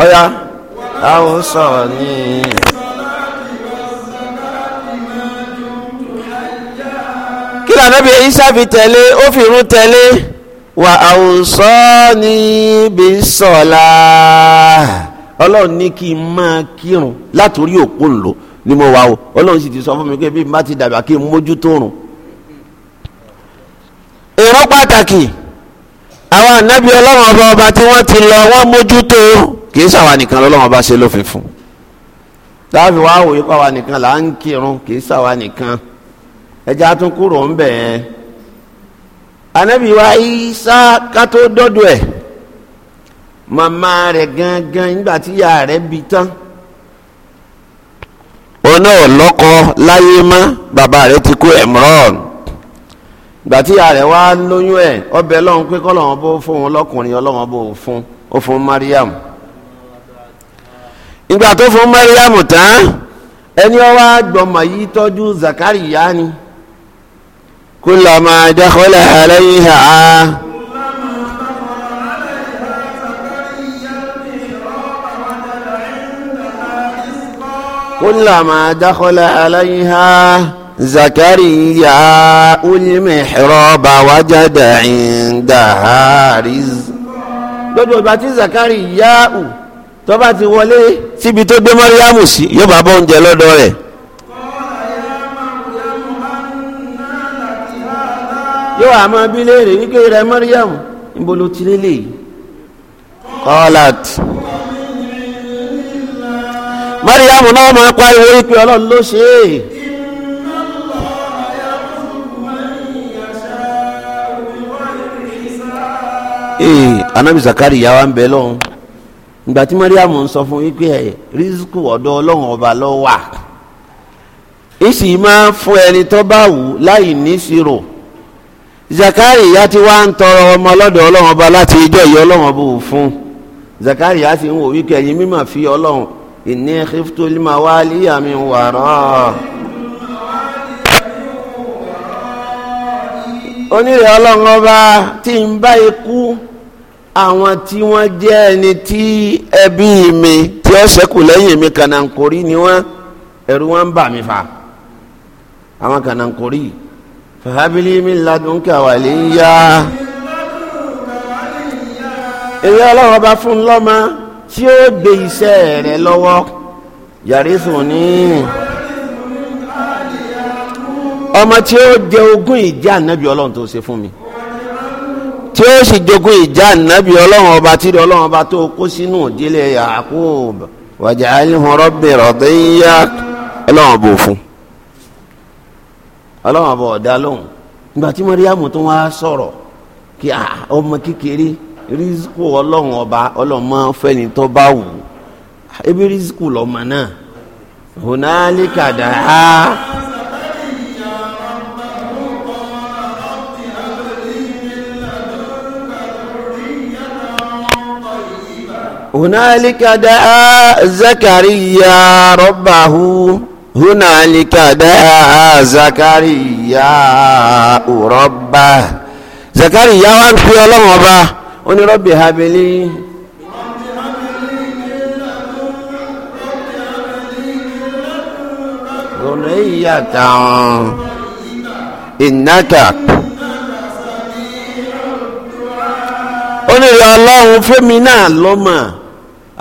S2: ọ̀yá a sọ̀rọ̀ ní. kí lànàbí Ìsá fi tẹ̀lé ó fi irun tẹ̀lé wà àwùsọ ní bí sọ̀la ọlọ́run ní kí n máa kírun látòrí òpó ńlò ni mo wà o ọlọ́run sì ti sọ fún mi pé bí n bá ti dàgbà kí n mójútó rùn. èrò pàtàkì àwọn ànábì ọlọ́run ọba ọba tí wọ́n ti lọ wọ́n mójútó kì í ṣàwa nìkan lọ́lọ́run ọba ṣe lófin fún. táàbì wàá wòye pa wa nìkan là ń kírun kì í ṣàwa nìkan ẹja tún kúrò ń bẹ̀ ẹ́ ànábì wa Ìsá ká dọ́dọ̀ ẹ̀ màmá rẹ̀ gangan nígbà tí ya rẹ bí tán ọ̀nà ọ̀lọ́kọ láyé mọ́ bàbá rẹ ti kú Imran ìgbà tí ya rẹ wá lóyún ẹ ọbẹ̀ lọ́hún pé kọ́lọ́hún bó fún un lọ́kùnrin ọlọ́hún bó fún ó fún Mariam ìgbà tó fún Mariam tán ẹni ọwọ́ àgbọ̀mọ̀ yìí tọ́jú Zakariya ni kullama dakhala ha. كلما دخل عليها زكريا المحراب وجد عندها رزق lójú ọba tí zakari yáàù tó bá ti wọlé síbi tó gbé mọ́ríyámù sí yóò bá bọ́ oúnjẹ lọ́dọ̀ rẹ̀. yóò wá máa bí léèrè wípé rẹ mọ́ríyámù níbo ló ti lélẹ̀ yìí. kọ́lát. Mariamu náà máa pa ìwé ìpè ọlọ́run ló ṣe é. ee anabi zakari yà wá ń bẹ lọ́hùn ìgbà tí Mariamu ń sọ fún yín pé ẹ rísíkù ọ̀dọ̀ ọlọ́run ọba ló wà ìsì máa fún ẹni tó bá wù láì níṣirò zakariya ti wá ń tọrọ ọmọ lọ́dọ̀ ọlọ́run ọba láti ijọ́ ìyá ọlọ́run ọba ò fún zakariya sì ń wò wíkẹ́ ẹ̀yin mímọ̀ fi ọlọ́run إني خفت الموالي من وراه onírè ọlọ́run ọba tí ń bá ikú àwọn tí wọ́n jẹ́ ẹni tí ẹbí mi tí ó ṣẹ́kù lẹ́yìn mi kànáńkórí ni wọ́n ẹ̀rù wọn bà mí fà àwọn kànáńkórí fàhábìlì mi ladùnkà wàlíyà èyí ọlọ́run ọba fún lọ́mọ tí ó gbé iṣẹ́ rẹ̀ lọ́wọ́ yàrísùn ní ọmọ tí ó jẹ ogún ìjà ànábì ọlọ́run tó ṣe fún mi tí ó sì jogún ìjà ànábì ọlọ́run ọba tí ọlọ́run ọba tó kó sínú ìdílé Yakub waj'alhu rabbi radiya ọlọ́run ọba òfun ọlọ́run ọba ọ̀dá lóhùn ìgbà tí Màríyámù tó wá sọ̀rọ̀ kí ah, ọmọ kékeré rizikù ọlọ́run ọba ọlọ́run máa ń fẹ́ni tó bá wù ú ebi rizikù lọ́mọ náà hunalika dàá. هنالك دعا زكريا ربه هنالك دعا زكريا ربه زكريا وان في الله ó ní rọ́bì habili ìyàtà ìnáka ọlọ́run fẹ́mi náà lọ́mọ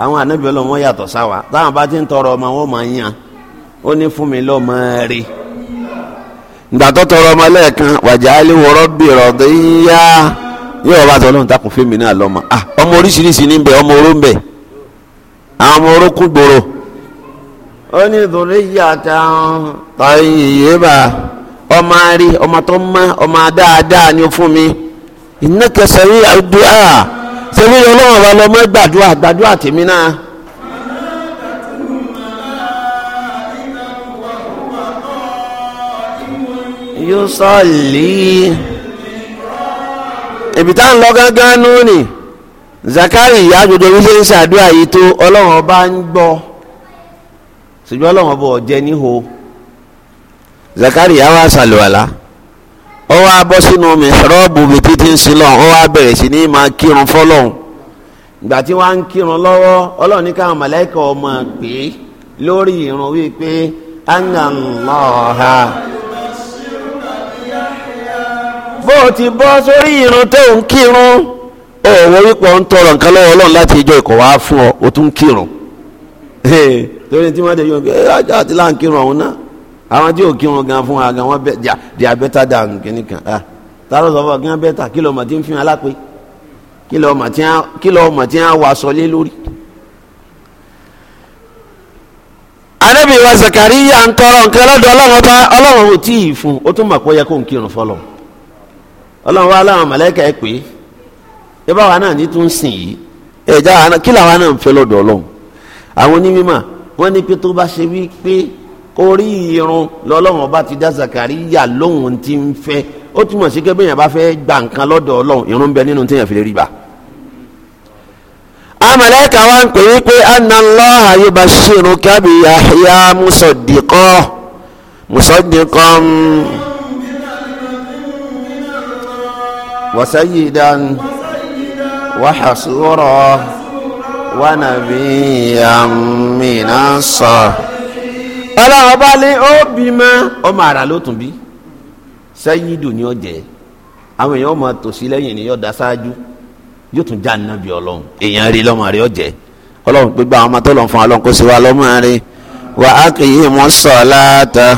S2: àwọn ànábì ọlọ́run yàtọ̀ sáwa táwọn bá ti ọmọ wọn máa ń yan ó ní fún mi lọ́mọ rí tọrọ ọmọ lẹ́ẹ̀kan wàjà aliwọ̀rọ̀ bìrọ̀ dé yóò wá tọ́ lóhùn takùn fẹ́mi náà lọ́mọ ah ọmọ oríṣiríṣi ní bẹ ọmọ oró ń bẹ àwọn ọmọ oró kún gbòòrò. ó ní ìdúró yàtọ̀ tàyè yé bá ọmọ àárí ọmọ tó mọ ọmọ dáadáa ni ó fún mi iná kẹsàn-án àdúrà sẹ́mi ọlọ́run wa lọ́mọ gbàdúrà gbàdúrà tèmi náà. yóò sọ lè ibi tá à ń lọ gángan nù ni Zakari agbègbè wíṣẹ ń ṣàdúrà yìí tó Ọlọ́run ọba ń gbọ́ ṣùgbọ́n Ọlọ́run ọba ọ̀jẹ̀ níhò Zakari yà wá ṣàlùwàlà ó wá bọ́ sínú mihrọ́ọ̀bù mi títí ń sin lọ́hùn ó wá bẹ̀rẹ̀ sí ní máa kírun fọ́lọ́hùn ìgbà tí wọ́n á ń kírun lọ́wọ́ Ọlọ́run ní káwọn mọ̀lẹ́kọ̀ ọmọ pé lórí ìrun wípé anamọ́ha. bó ti bọ́ sórí irun tó ń kírun ọ̀wọ́ wípé ń tọrọ nǹkan lọ́wọ́ ọlọ́run láti ìkọ̀ wá fún ọ o tún kírun torí tí wọ́n ti yọ ẹ ajá àti láà kírun ọ̀hún náà àwọn tí ò kírun gan fún wa gan wọ́n bẹ di abẹ́tà dànù ah, sọ fún bẹ́tà kí mọ̀ tí ń fi hàn kí mọ̀ tí ń wà sọ lé lórí. ń nǹkan lọ́dọ̀ ọlọ́run wa láwọn mọ̀lẹ́kà ẹ pé ẹ bá wa náà ní tún sìn yìí ẹ já wa náà kí làwa náà ń fẹ́ lọ́dọ̀ ọlọ́run àwọn onímọ̀ wọ́n ní pé tó bá ṣe wí pé orí irun lọ́lọ́run ọba ti dá Zakariya lóhun ti ń fẹ́ ó túmọ̀ sí kébé yẹn bá fẹ́ gbà nǹkan lọ́dọ̀ ọlọ́run irun bẹ nínú téèyàn fi lè rí bá. amọ̀lẹ́kà wa ń pè é pé anna Allaha yubashiruka bi Yahya musaddiqan musaddiqan. وسيدا وحصورا ونبيا من الصالحين ọlọ́run ọba lé ó bímọ ọmọ àrà ló tún bí sẹ́yìndù ni ó jẹ́ àwọn èèyàn ọmọ tòsí lẹ́yìn ni yóò da ṣáájú yóò tún já nàbí ọlọ́run èèyàn rí lọ́mọ rẹ̀ ó jẹ́ ọlọ́run àwọn ọmọ tó lọ́n fún ọlọ́run kó sì wá lọ́mọ rẹ̀ wà kì í mú sọ̀ láta.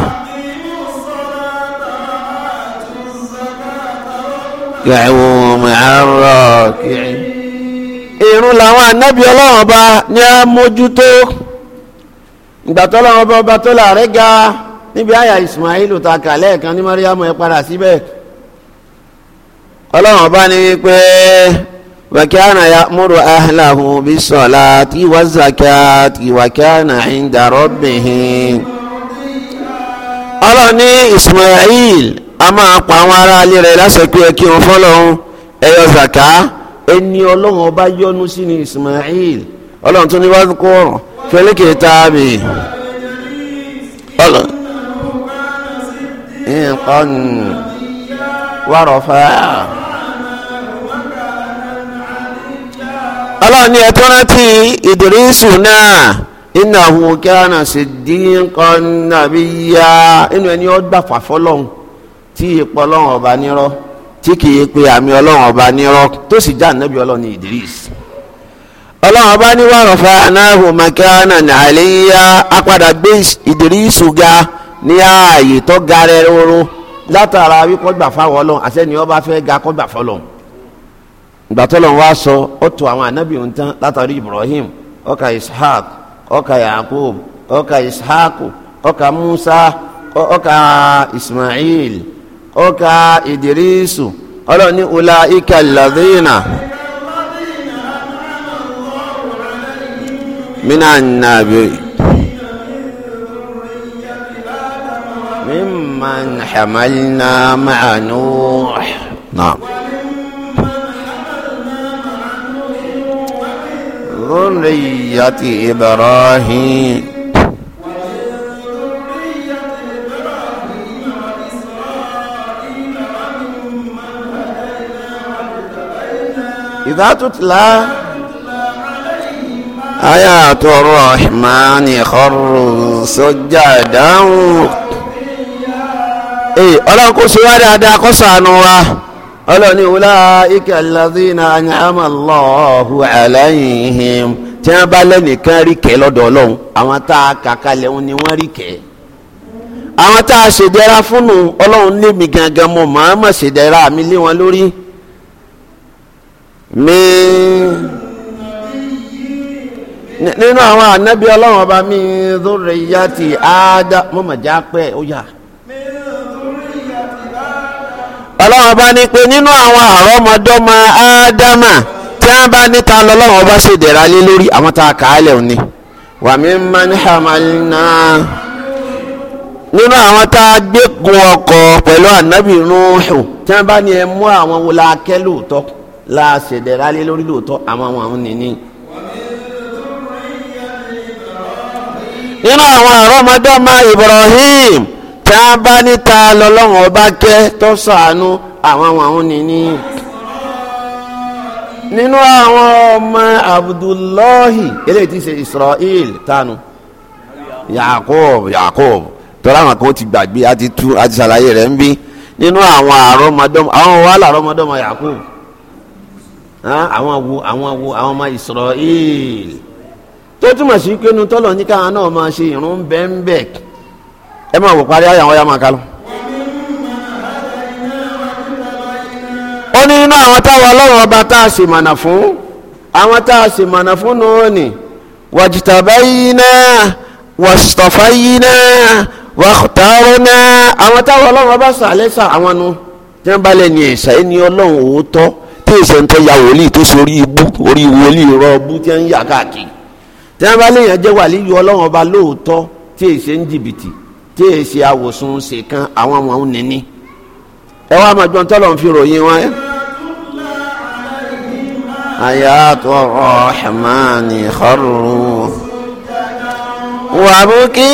S2: kẹ̀wò mẹ́rọ̀ kìí. irun làwọn ànábì ọlọ́run ọba ní a mójútó ìgbà tọ́lọ́run ọba ọba tó láàrẹ́ ga níbi àyà Ismail ta kà lẹ́ẹ̀kan ní Mariam ẹ padà síbẹ̀ ọlọ́run ọba ní wípé wàkíánà ya múru ahlahu bis-salati waz-zakati wàkíánà inda rabbih ọlọ́run ní Ismail a máa pa àwọn ará ilé rẹ̀ láṣẹ pé ẹ kí wọn fọlọ́run ẹ yọ zaka ẹni ọlọ́run ọba yọ́nú sí ni Ismail ọlọ́run tó ní wá kó ọ̀rọ̀ fẹ́lẹ́kì tààmì ọlọ́run nǹkan ọlọ́run ni ẹ̀tọ́ rántí Ìdírísù náà innahu kana siddiqan nabiyya inú ẹni ọgbà fàfọ́lọ́hún. tí ipò ọlọ́run ọba nírọ́ tí kì í pe àmì ọlọ́run ọba nírọ́ tó sì já ànábì ọlọ́run ní Idris ọlọ́run ọba ní wàrọ̀ fa anáhù makana nàìjíríà apàdà gbé Idris ga ní ààyè tó ga rẹ̀ roro látara wípé gbà fáwọn ọlọ́run àtẹ́ni ọba fẹ́ ga kọ́ gbà fọlọ́run ìgbà tó lọ́n wá sọ ó tó àwọn ànábì òun tán látàrí Ibrahim ọkà Ishaq ọkà Yakub ọkà Ishaq ọkà Musa ọkà Ismail ó ka ìdírísù ọlọ́run ní ula ika alladhina mina nabi ممن حملنا مع نوح نعم ذرية إبراهيم ìdátútìlá ayàtọ̀ rọ̀hìmáni ọ̀rọ̀ sọ́jà dáhùn èyí ọlọ́run kó ṣe wá dáadáa kó ṣàánú wa ọlọ́ni ulaika alladhina an'ama Allahu alayhim tí wọ́n bá lẹ́nìkan rí kẹ́ lọ́dọ̀ ọlọ́run àwọn tá a kàkalẹ̀ wọn ni wọ́n rí kẹ́ àwọn tá a ṣèdẹ́ra fúnnu ọlọ́run lé mi gangan mọ́ màá má ṣèdẹ́ra mi lé wọn lórí. mi nínú àwọn ànábì ọlọ́run ọba mi lórí ìyá ti áádá mo mọ̀ já pẹ́ ó yà. ọlọ́run ọba ní pé nínú àwọn àrọ́mọdọ́mọ ádámà tí wọ́n bá níta lọ́lọ́run ọba ṣe dẹ̀ra lé lórí àwọn tá a kà á lẹ̀ òní. wàmí mmanu hamalina nínú àwọn tá a gbé ọkọ̀ pẹ̀lú ànábì Nuhu tí wọ́n bá ní ẹ mú àwọn wọlé akẹ́lò tọ́kù. la ṣèdẹ̀rẹ́ alẹ́ lórí lóòótọ́ àwọn àwọn àwọn nìní. nínú àwọn àrọ́mọdọ́mọ Ibrahim tí a bá níta lọ́lọ́wọ́n ọba kẹ́ tó ṣàánú àwọn àwọn àwọn nìní. nínú àwọn ọmọ Abdullahi eléyìí ti ṣe Israel tánu Yakub Yakub tọ́lá àwọn kan ti gbàgbé àti tú àti ṣàlàyé rẹ̀ ń bí nínú àwọn àrọ́mọdọ́mọ àwọn wàhálà àrọ́mọdọ́mọ Yakub. àwọn wo àwọn wo àwọn ọmọ Israel tó túmọ̀ sí pé inú tọ́lọ̀ ní káwọn náà máa ṣe ìrun bẹ́ńbẹ́ ẹ máa wò parí àyà wọn yá máa ká lọ. ó ní inú àwọn táwọn ọlọ́run ọba tá a sì mọ̀nà fún àwọn tá a sì mọ̀nà fún nù ó nì wàjìtàbá náà wàṣìtọ̀fà yìí náà wàhùtàrọ̀ náà àwọn táwọn ọlọ́run ọba sàlẹ̀ sà àwọn nu tí wọ́n bá lẹ́ni ọlọ́run òótọ́ tí èsè ya wòlíì tó sori ibú orí wòlíì rọ ọbú tí ń yà káàkiri tí wọ́n bá léèyàn jẹ́ wàlíyù ọlọ́run ọba lóòótọ́ tí èsè ń jìbìtì tí èsè àwòsùn ṣèkan àwọn ọmọ òun níní ẹ wá máa jọ tọ́lọ̀ ń fi ròyìn wọn. ayatu rahmani kharru wàbùkí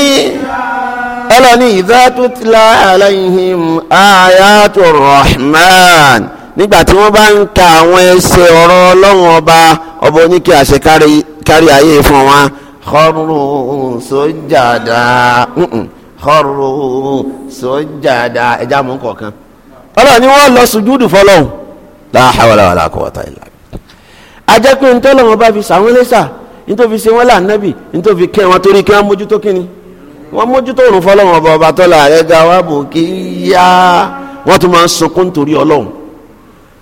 S2: ọlọ́ni idha tutla alayhim ayatu rahman nígbà tí wọ́n bá ń ka àwọn ẹsẹ̀ ọ̀rọ̀ ọlọ́run ọba ọba oníkẹ́ àṣẹ kárí ayé fún wa kharru sujada kharru sujada ẹja mú kọ̀ọ̀kan ọlọ́run ni wọ́n lọ sùjúdù fọlọ́hún la hawla wala quwwata illa ajẹ́ pé ntọ́lọ́wọ́n bá fi sàwọn lẹ́sà nítorí ṣe wọ́n là nábì nítorí kẹ́ wọn torí kí wọ́n mójútó kíni wọ́n mójútó òrùn fọlọ́wọ́n ọba ọba tọ́lá rẹ̀ ga wá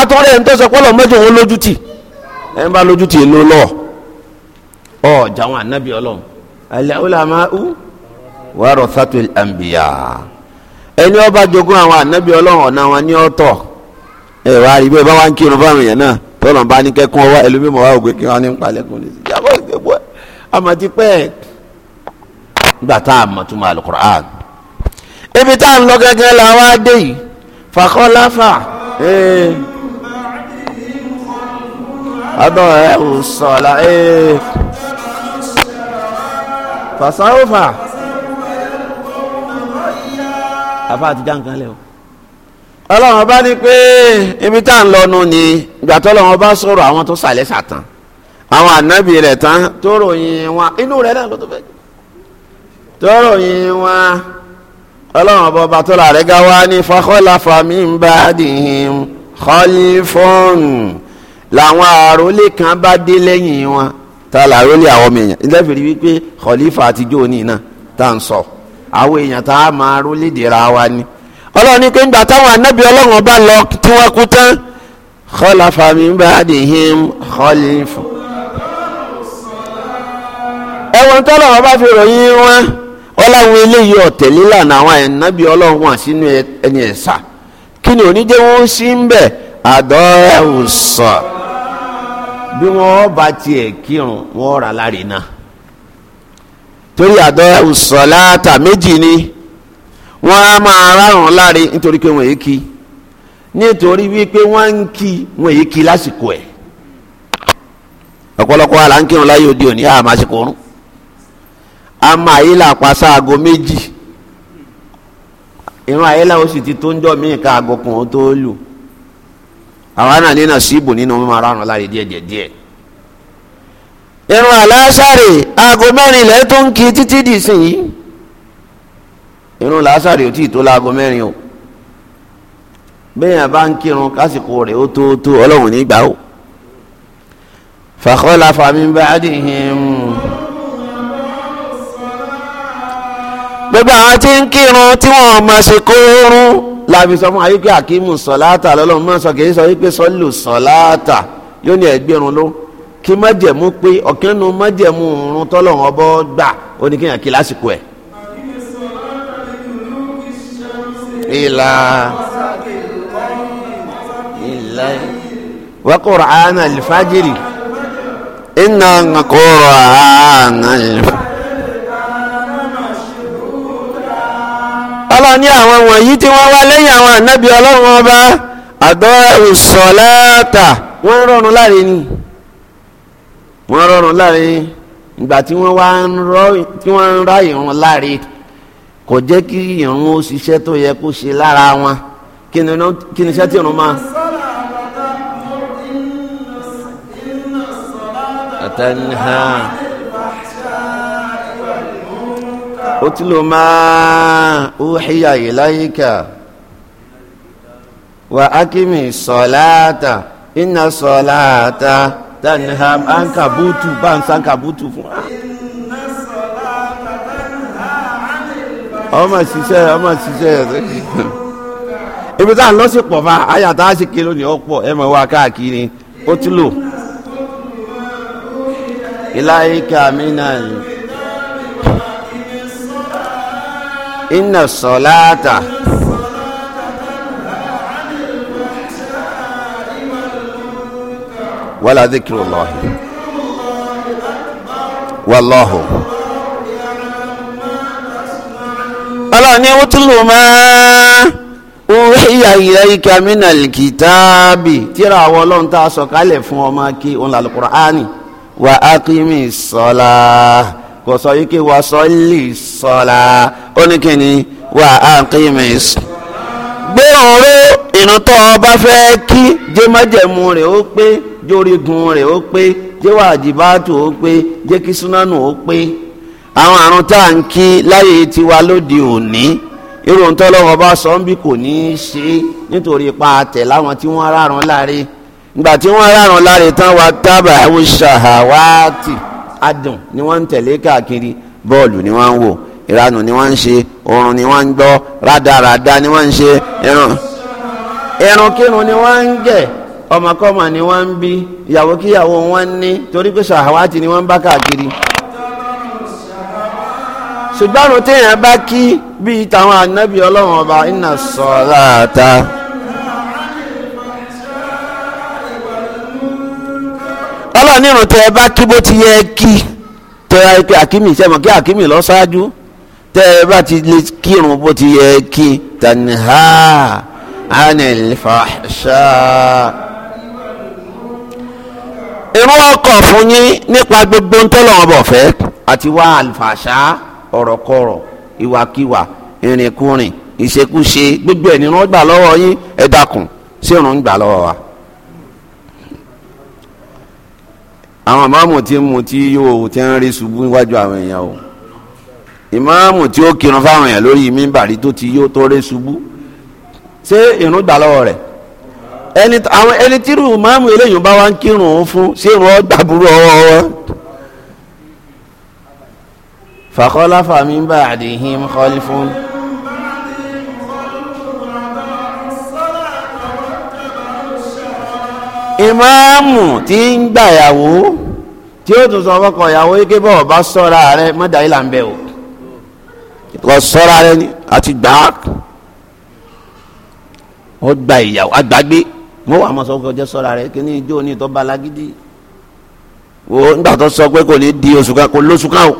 S2: atọ́rẹ́ ẹni tó sọ pé ọlọ́run mẹ́jọ òun lójú tì ẹ̀ ń bá lójú tì ló lọ ọ jàwọn ànábì ọlọ́run aláwòlámà ú wàárọ̀ sátúl àmbìyà ẹni ó bá jogún àwọn ànábì ọlọ́run ọ̀nà wọn ní ọ̀tọ̀ ẹ wá rí bẹ́ẹ̀ bá wá ń kírun fáwọn èèyàn náà tọ́lọ̀ bá ní kẹ́kún ọwọ́ ẹlòmímọ̀ wá ògbé kí wọ́n ní ń ní sí ìjábọ̀ ìgbébọ̀ àmọ́ pẹ́ gbà tá a mọ̀ tó máa Al-Qur'an. ibi tá a ń lọ gẹ́gẹ́ làwọn á yìí fàkọ́láfà ẹ̀ẹ́. أضعوا الصلاة فسوف àfa àti jáǹkan lẹ o. ọlọ́run bá ní pé ibi tá à ń lọ́nu ni ìgbà tó lọ́wọ́ bá sọ̀rọ̀ àwọn tó sàlẹ̀ sàtàn àwọn ànábì rẹ̀ tán tó ròyìn wọn inú rẹ̀ náà ló tó fẹ́ tó ròyìn wọn ọlọ́run bọba tó la rẹ̀ gá wá ní fakọ́lá fami ń bá dìhìn khalifun. làwọn àròlé kan bá dé lẹ́yìn wọn ta làròlé àwọn ọmọ èèyàn ìlẹ́fẹ̀rí wípé khalifa àtijọ́ òní náà tá à ń sọ àwọn èèyàn tá a máa rólé dèrà wa ni. ọlọ́run ní pé ńgbà táwọn anábì ọlọ́run ọba lọ tí wọ́n kú tán khalafa min khalifa. ẹ̀wọ̀n bá fi ròyìn wọn ọlọ́run eléyìí ọ̀tẹ̀lé lànà àwọn ànábì ọlọ́run sínú ẹni ẹ̀sà kí ni wọn sí bí wọ́n bá tiẹ̀ kírun wọ́n rà lárí náà torí àdọ́ ìsọ̀láta méjì ni wọ́n á máa rárùn lárí nítorí pé wọ́n èyí kí nítorí wípé wọ́n ń kí wọ́n èyí kí lásìkò ẹ̀ ọ̀pọ̀lọpọ̀ àlà ń kírun láyé òde òní àmà àsìkò ọ̀run àmà ayé là pa sáago méjì ìran ayé làwọn sì ti tó ń jọ mí ká aago tó lù. àwa náà ní nàṣíbù nínú mímọ aráàrùn láre díẹ̀ díẹ̀ díẹ̀. irun àlásàrè aago mẹ́rin ilẹ̀ tó ń kí títí dì sí i irun làásàrè ò tí ì tó láago mẹ́rin o bẹ́ẹ̀ bá ń kírun kásìkò rẹ̀ ó tó tó ọlọ́run nígbà o. fakhalafa min ba'dihim. gbogbo àwọn tí ń kírun tí wọ́n mọ̀ sí kó oorun láàbí sọ fún ayé pé àkímù sọláàtà lọ́lọ́run máa sọ kì í sọ wípé sọ́lù sọláàtà yóò ní ẹgbẹ́rún ló kí májẹ̀mú pé ọ̀kẹ́nu májẹ̀mú òórùn tọ́lọ́run ọbọ̀ gbà ó ní kéèyàn kí lásìkò ẹ̀. ìlà ìlà wa qur'ana al-fajri inna qur'ana al ọlọ́run ní àwọn wọ̀nyí tí wọ́n wá lẹ́yìn àwọn ànábì ọlọ́run ọba àdọ́rù sọ̀láàtà wọ́n rọrùn láàrin ni wọ́n rọrùn láàrin ìgbà tí wọ́n wá ń rọ tí wọ́n ń ra ìrun láàrin kò jẹ́ kí ìrun ó ṣiṣẹ́ tó yẹ kó ṣe lára wọn kí ni iṣẹ́ tí ìrun máa. tanha. اتل ما اوحي اليك واقم الصلاه ان الصلاه تنهى عن كبوت بان سان كبوت ọmọ ibi tá à lọ sí pọ̀ fa ayàtọ̀ á sì ké lónìí ọ̀pọ̀ ẹ mọ̀ wá káàkiri ó ti lò. mí náà inna salata wala dhikrullahi wallahu ọlọ́ni ó tún lò máa uhiya ilayka minal kitabi tíra àwọn ọlọ́run tá a sọ kálẹ̀ fún ọmọ kí òun lálùkùránì wa aqimi ssalah kò sọ yìí kí wà sọ́lì sọ́la ó ní kí ni wà á kí mi sùn. gbóòrò ìrun tó fẹ́ kí jẹ́ májẹ̀mú rẹ̀ ó pé jórígun rẹ̀ ó pé jẹ́ wàjibátù ó pé jẹ́ ó pé àwọn àrùn tá à ń kí láyé tiwa lóde òní irú ń tọ́lọ́wọ́ bá sọ ń bí kò ní í ṣe nítorí ipa àtẹ̀ láwọn tí wọ́n rárun láre ìgbà tí wọ́n rárun láre tán wa tábà ẹ̀wọ̀n ṣàhàwátì. adùn ni wọ́n ń tẹ̀lé káàkiri bọ́ọ̀lù ni wọ́n ń wò ìranù ni wọ́n ń ṣe oorun ni wọ́n ń gbọ́ rádaràda ni wọ́n ń ṣe irun irunkírun ni wọ́n ń gẹ̀ ọmọkọ́mọ ni wọ́n ń bí ìyàwó kíyàwó wọn ní torí pé sàháwátì ni wọ́n ń bá káàkiri ṣùgbọ́n àrùn téèyàn bá kí bíi tàwọn ànábì ọlọ́run ọba iná sọ̀rọ̀ àta. wà nírun tẹ ẹ bá kí bó ti yẹ kí tẹ ẹ pé akimi sẹmọ kí akimi lọ ṣáájú tẹ ẹ bá ti lè kírun bó ti yẹ kí tanha anil irú ọkọ̀ fún yín nípa gbogbo ń tọ́lọ̀ ọbọ̀ fẹ́ àti wá àlùfàṣà ọ̀rọ̀kọ̀rọ̀ ìwàkiwà ìrìnkúrìn ìṣekúṣe gbogbo ẹ̀ nínú gbà lọ́wọ́ yín ẹ sí ìrùn gbà lọ́wọ́ wa. àwọn ìmáàmù tí ń mutí yóò ti ń rí ṣubú níwájú àwọn èèyàn o ìmáàmù tí ó kírun fáwọn èèyàn lórí mímbàrí tó ti yóò tó rí ṣubú ṣé ìrun gbà lọ́wọ́ rẹ̀ ẹni àwọn ẹni tírú ìmáàmù eléyìí bá wá ń kírun òun fún ṣé ìrun ọgbà burú ọwọ́ wọn. fàkọ́lá fàmí bá àdéhìn kọ́lí fún. ìmáàmù tí ń gbàyàwó tí ó tún sọ fọkọ ìyàwó yìí kébọ̀ ọba sọ́ra rẹ mọ́dà yìí là ń bẹ̀ o kò sọ́ra rẹ ni àti gbà á ó gba ìyàwó àgbàgbé mo wà mọ́ sọ pé ọjọ́ sọ́ra rẹ kí ni ijó ni tó bá wo nígbà tó sọ pé kò ní di oṣù kan kò lóṣù kan o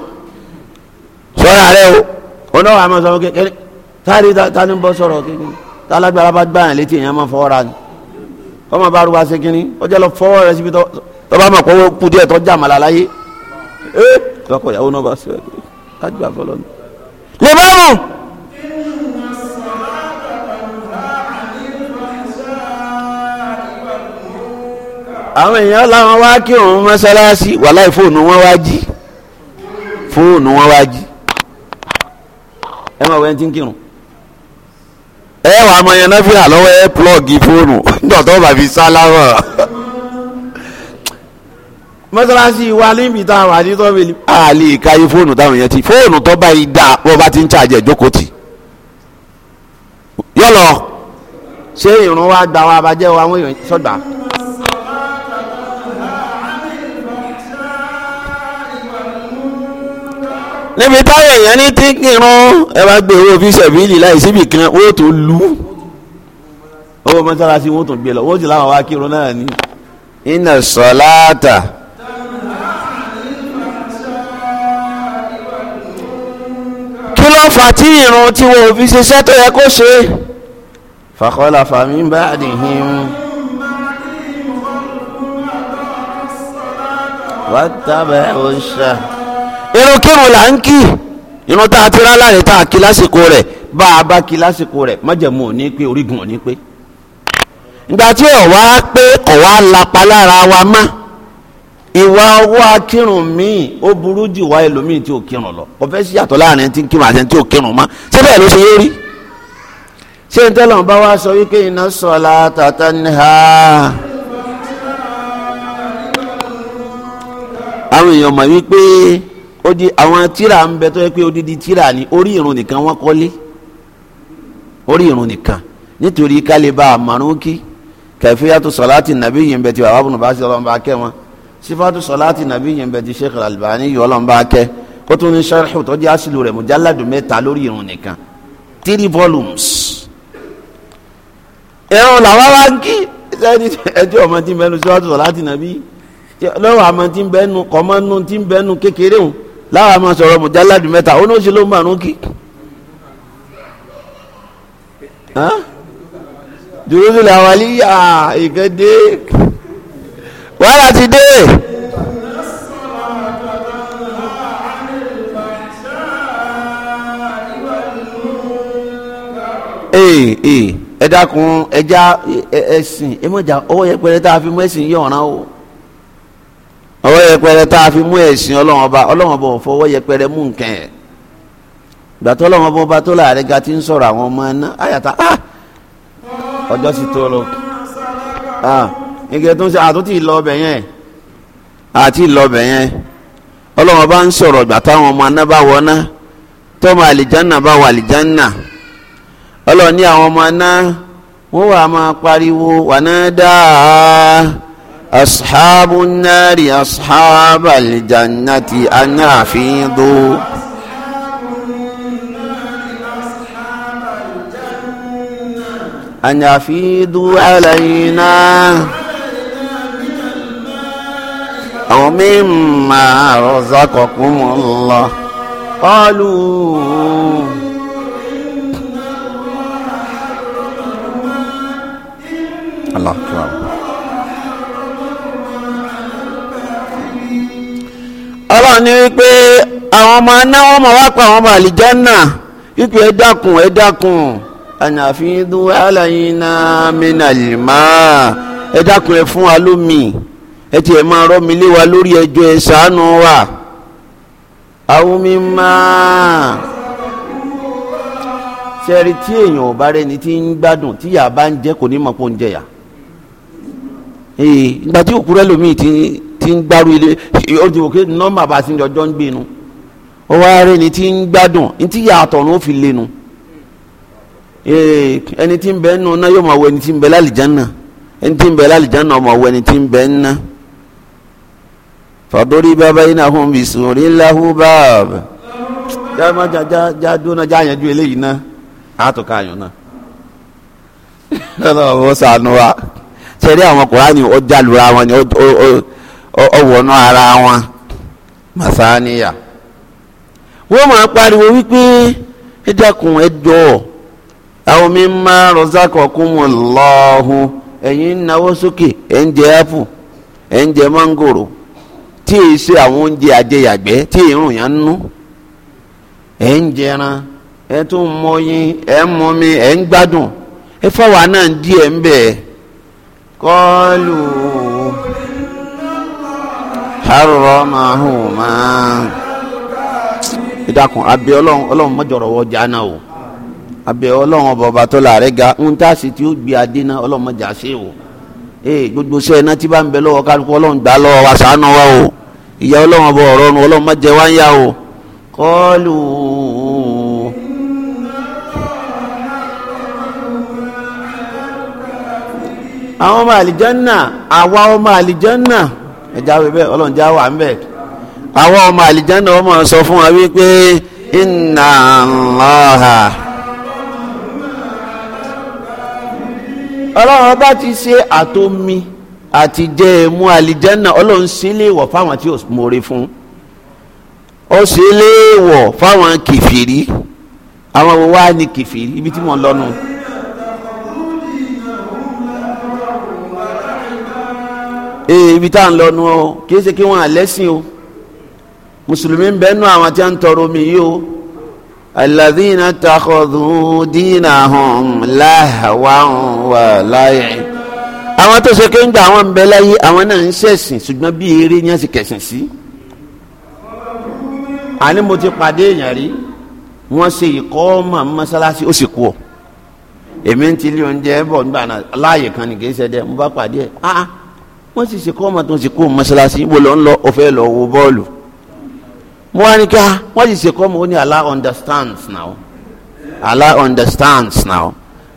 S2: sọ́ra rẹ o ọ̀nà wà mọ́ sọ pé kẹ́kẹ́ tá a rí ta ni bọ́ sọ̀rọ̀ kékeré tá a lágbára bá gbà yàn létí èèyàn máa fọwọ́ ni ọmọ bá rú wa ṣe kínní ọjọ́ lọ fọwọ́ rẹ síbi tó bá mọ̀ kó kú díẹ̀ tó jà màlà láyé ẹ́ lọ́kọ̀ ìyàwó náà bá sọ ẹ́ lájú àfọlọ́ ni. lè bá mú. àwọn èèyàn làwọn wá kí òun mọ́ṣáláṣí wàláì fóònù wọn wá jí fóònù wọn wá jí ẹ máa wẹ́n tí ń kírun ẹ wà á mọ yan náfìlà lọ́wọ́ ẹ plọ́ọ̀gì fóònù dọ̀tọ́ bàbí sálámà mọ́sálásí wa níbi tá a wà ní tọ́bìlì. a lè káyé fóònù táwọn yẹn ti fóònù tó bá yìí dá bó bá ti ń ṣàjẹ́ jókòó tì. yọ̀lọ̀ ṣé ìrún wa gbà wá abajẹ́ wa wọ́n yàn sọ́gbà. níbi táwọn èèyàn ní tí kírun ẹ bá gbé owó fíṣẹ̀ bíìlì láì síbì kan ó tó lu owó mọ́sálásí wọ́n tó gbé lọ wọ́n sì láwọn wá kírun náà ní. iná sọláàtà. kí ló fà tí ìrun tí wọn ò fi ṣiṣẹ́ tó yẹ kó ṣe. fàkọ́lá fàmí bá àdìhín. واتبعوا الشهر irun kírun là ń kí irun tá a ti rá láàyè tá a kí lásìkò rẹ̀ bá a bá kí lásìkò pe májẹ̀mú ò pé orígun ò pé ìgbà tí ọ̀ pé kọ̀ lapa lára wa ìwà akírun míì ó burú jù wá ẹlòmíì tí ò kírun lọ kò sí yàtọ̀ láàrin tí ń kírun àti tí ò kírun ló ṣe yé rí ṣé tẹ́lọ̀ bá wá tata ha. àwọn èèyàn mọ̀ wípé. odi àwọn tíra ń bẹ tó yẹ pé odidi tíra ni orí irun nìkan wọ́n kọ́lé orí irun nìkan nítorí kálíbà àmàrúnkì kẹfíyàtú sọláàtì nàbí yìí ń bẹ ti bàbá bùnú bá sí ọlọ́mọba kẹ wọn sífàtú sọláàtì nàbí yìí ń bẹ ti Sheikh Al-Albani yìí ọlọ́mọba kẹ kó tó ní sharhu tó jẹ́ àṣìlò rẹ̀ mujalladu mẹ́ta lórí irun nìkan three volumes. ẹ̀rọ làwọn wá ń kí ẹjọ́ ọmọ tí ń bẹnu sífàtú sọláàtì nàbí lọ́wọ́ àmọ́ tí ń bẹnu kọ́mọ́nù tí bẹnu kékeré hùn lára máa sọ̀rọ̀ mùjáládì mẹ́ta ó ní oṣù ló ń bànú kí. dùrúdù làwọn àlíyà ìfẹ́ dé wàhálà ti dé. ee ee ẹ dákun ẹ já ẹ sìn ẹ mọ̀jà ọwọ́ yẹpẹrẹ tá a fi mọ́ ẹ̀sìn yìí ọ̀ràn o. ọwọ́ yẹpẹrẹ tá fi mú ẹ̀sìn ọlọ́wọ́n ọba ọlọ́wọ́n ọba fọwọ́ yẹpẹrẹ mú gbà tó ọlọ́wọ́n ọba tó láàrin ga ti ń sọ̀rọ̀ àwọn ọmọ ẹ̀ná àyàtà ah! ọjọ́ sì tó lọ ah! tó ń àtúntì yẹn àti yẹn ọlọ́wọ́n ń sọ̀rọ̀ gbà bá wọ ná tọ́mọ àlìjánà bá wà àlìjánà ọlọ́ọ̀ ní àwọn ọmọ wọ́n wà pariwo wà náà أصحاب النار أصحاب الجنة أن أفيضوا أن أفيضوا علينا أو مما رزقكم الله قالوا الله أكبر ọlọ́run ní wípé àwọn ọmọ anáwọ́ ọmọ wá pa àwọn ọmọ wípé ẹ dákun ẹ dákun ànàfin dún náà mẹ́nà lè ẹ dákun ẹ fún wa lómi ẹ tiẹ̀ máa lé wa lórí ẹjọ́ ẹ ṣàánú wa àwọn mi máa sẹ́rí tí èèyàn bá ń gbádùn tí yàrá bá tí ń gbárù ilé ojúbò kí nọ́mbà bá ti ń jọjọ́ ń gbé nu ó wá rí ẹni tí ń gbádùn ní tí yàtọ̀ ní ó fi lé nu eh, ẹni tí ń bẹ nù náà yóò máa wọ ẹni tí ń bẹ lálìjánà ẹni tí ń bẹ lálìjánà ọmọ wọ ẹni tí ń bẹ nná. fàdórí bàbá yìí náà hùn bí sùnrí lahu báàbà já má já já já dúná já yẹn ju eléyìí náà àtúkà àyàn náà lọ́dọ̀ ọ̀bọ̀ sànù wa ṣe rí àwọn kùránì ó jálura wọn ni ó ó ó. ọwọ́nú ara wọn masaniya. wọ́n máa pariwo wípé ẹ dákun ẹ jọ̀ọ́ àwọn mi máa razaqakumullahu ẹ̀yin náwó sókè ẹ̀ ń jẹ ápù ẹ̀ ń jẹ mángòrò tí èyí ṣe àwọn oúnjẹ àjẹyàgbẹ́ tí èrùn yẹn ń nú ẹ̀ ń jẹran ẹ̀ harramahuma ìdàkùn abẹ ọlọ́run ọlọ́run mọ́jọ̀rọ̀ wọ jáná o abẹ ọlọ́run ọba ọba tó láàrẹ́ ga ń tá a sì tí ó gbé adé náà ọlọ́run mọ́jà sí o ee gbogbo sẹ́ iná tí bá ń bẹ lọ́wọ́ kálukú ọlọ́run gbà lọ́wọ́ wa sànú wa o ìyá ọlọ́run ọba ọ̀rọ̀ ọ̀run ọlọ́run wá ń yá o kọ́ọ̀lù àwọn ọmọ àlìjánná àwa ọmọ àlìjánná ẹjáwé bẹ́ẹ̀ ọlọ́run já wà ń bẹ̀. àwọn ọmọ àlìjáná ọmọ sọ fún wa wípé inna Allah. ọlọ́run bá ti ṣe àtomi àti jẹ́ ẹ̀mú àlìjáná ọlọ́run sí lè wọ̀ fáwọn tí ò mórè fún ó sì lè wọ̀ fáwọn kìfìrí àwọn wo wá ní kìfìrí ibi tí wọ́n lọ́nu. ee eh, ibi tá à ń lọ nu ọ kì í ṣe kí wọ́n àlẹ́sìn o mùsùlùmí ń bẹ́nu àwọn tí wọ́n ń tọrọ omi yìí o alladhina takhadhu dinahum lahwan wa la'iban àwọn tó ṣe kéńgbà àwọn ń bẹ láyé àwọn náà ń ṣẹ̀sìn ṣùgbọ́n bí eré ni wọ́n ti kẹ̀sìn sí àní mo ti pàdé èèyàn rí wọ́n ṣe ìkọ́ ọmọ mọ́sálásí ó sì kú ọ èmi ń tilé oúnjẹ bọ̀ nígbà náà láàyè kan nìkan ṣẹ́dẹ̀ mo bá pàdé ẹ̀ ah, ah wọ́n sì ṣe kọ́ ọmọ tó ń ṣe kó mọ́ṣáláṣí ibo ló ń lọ ọ̀fẹ́ lọ wo bọ́ọ̀lù mo wá ní kí wọ́n sì ṣe kọ́ ọmọ ó ní Allah understands now Allah understands now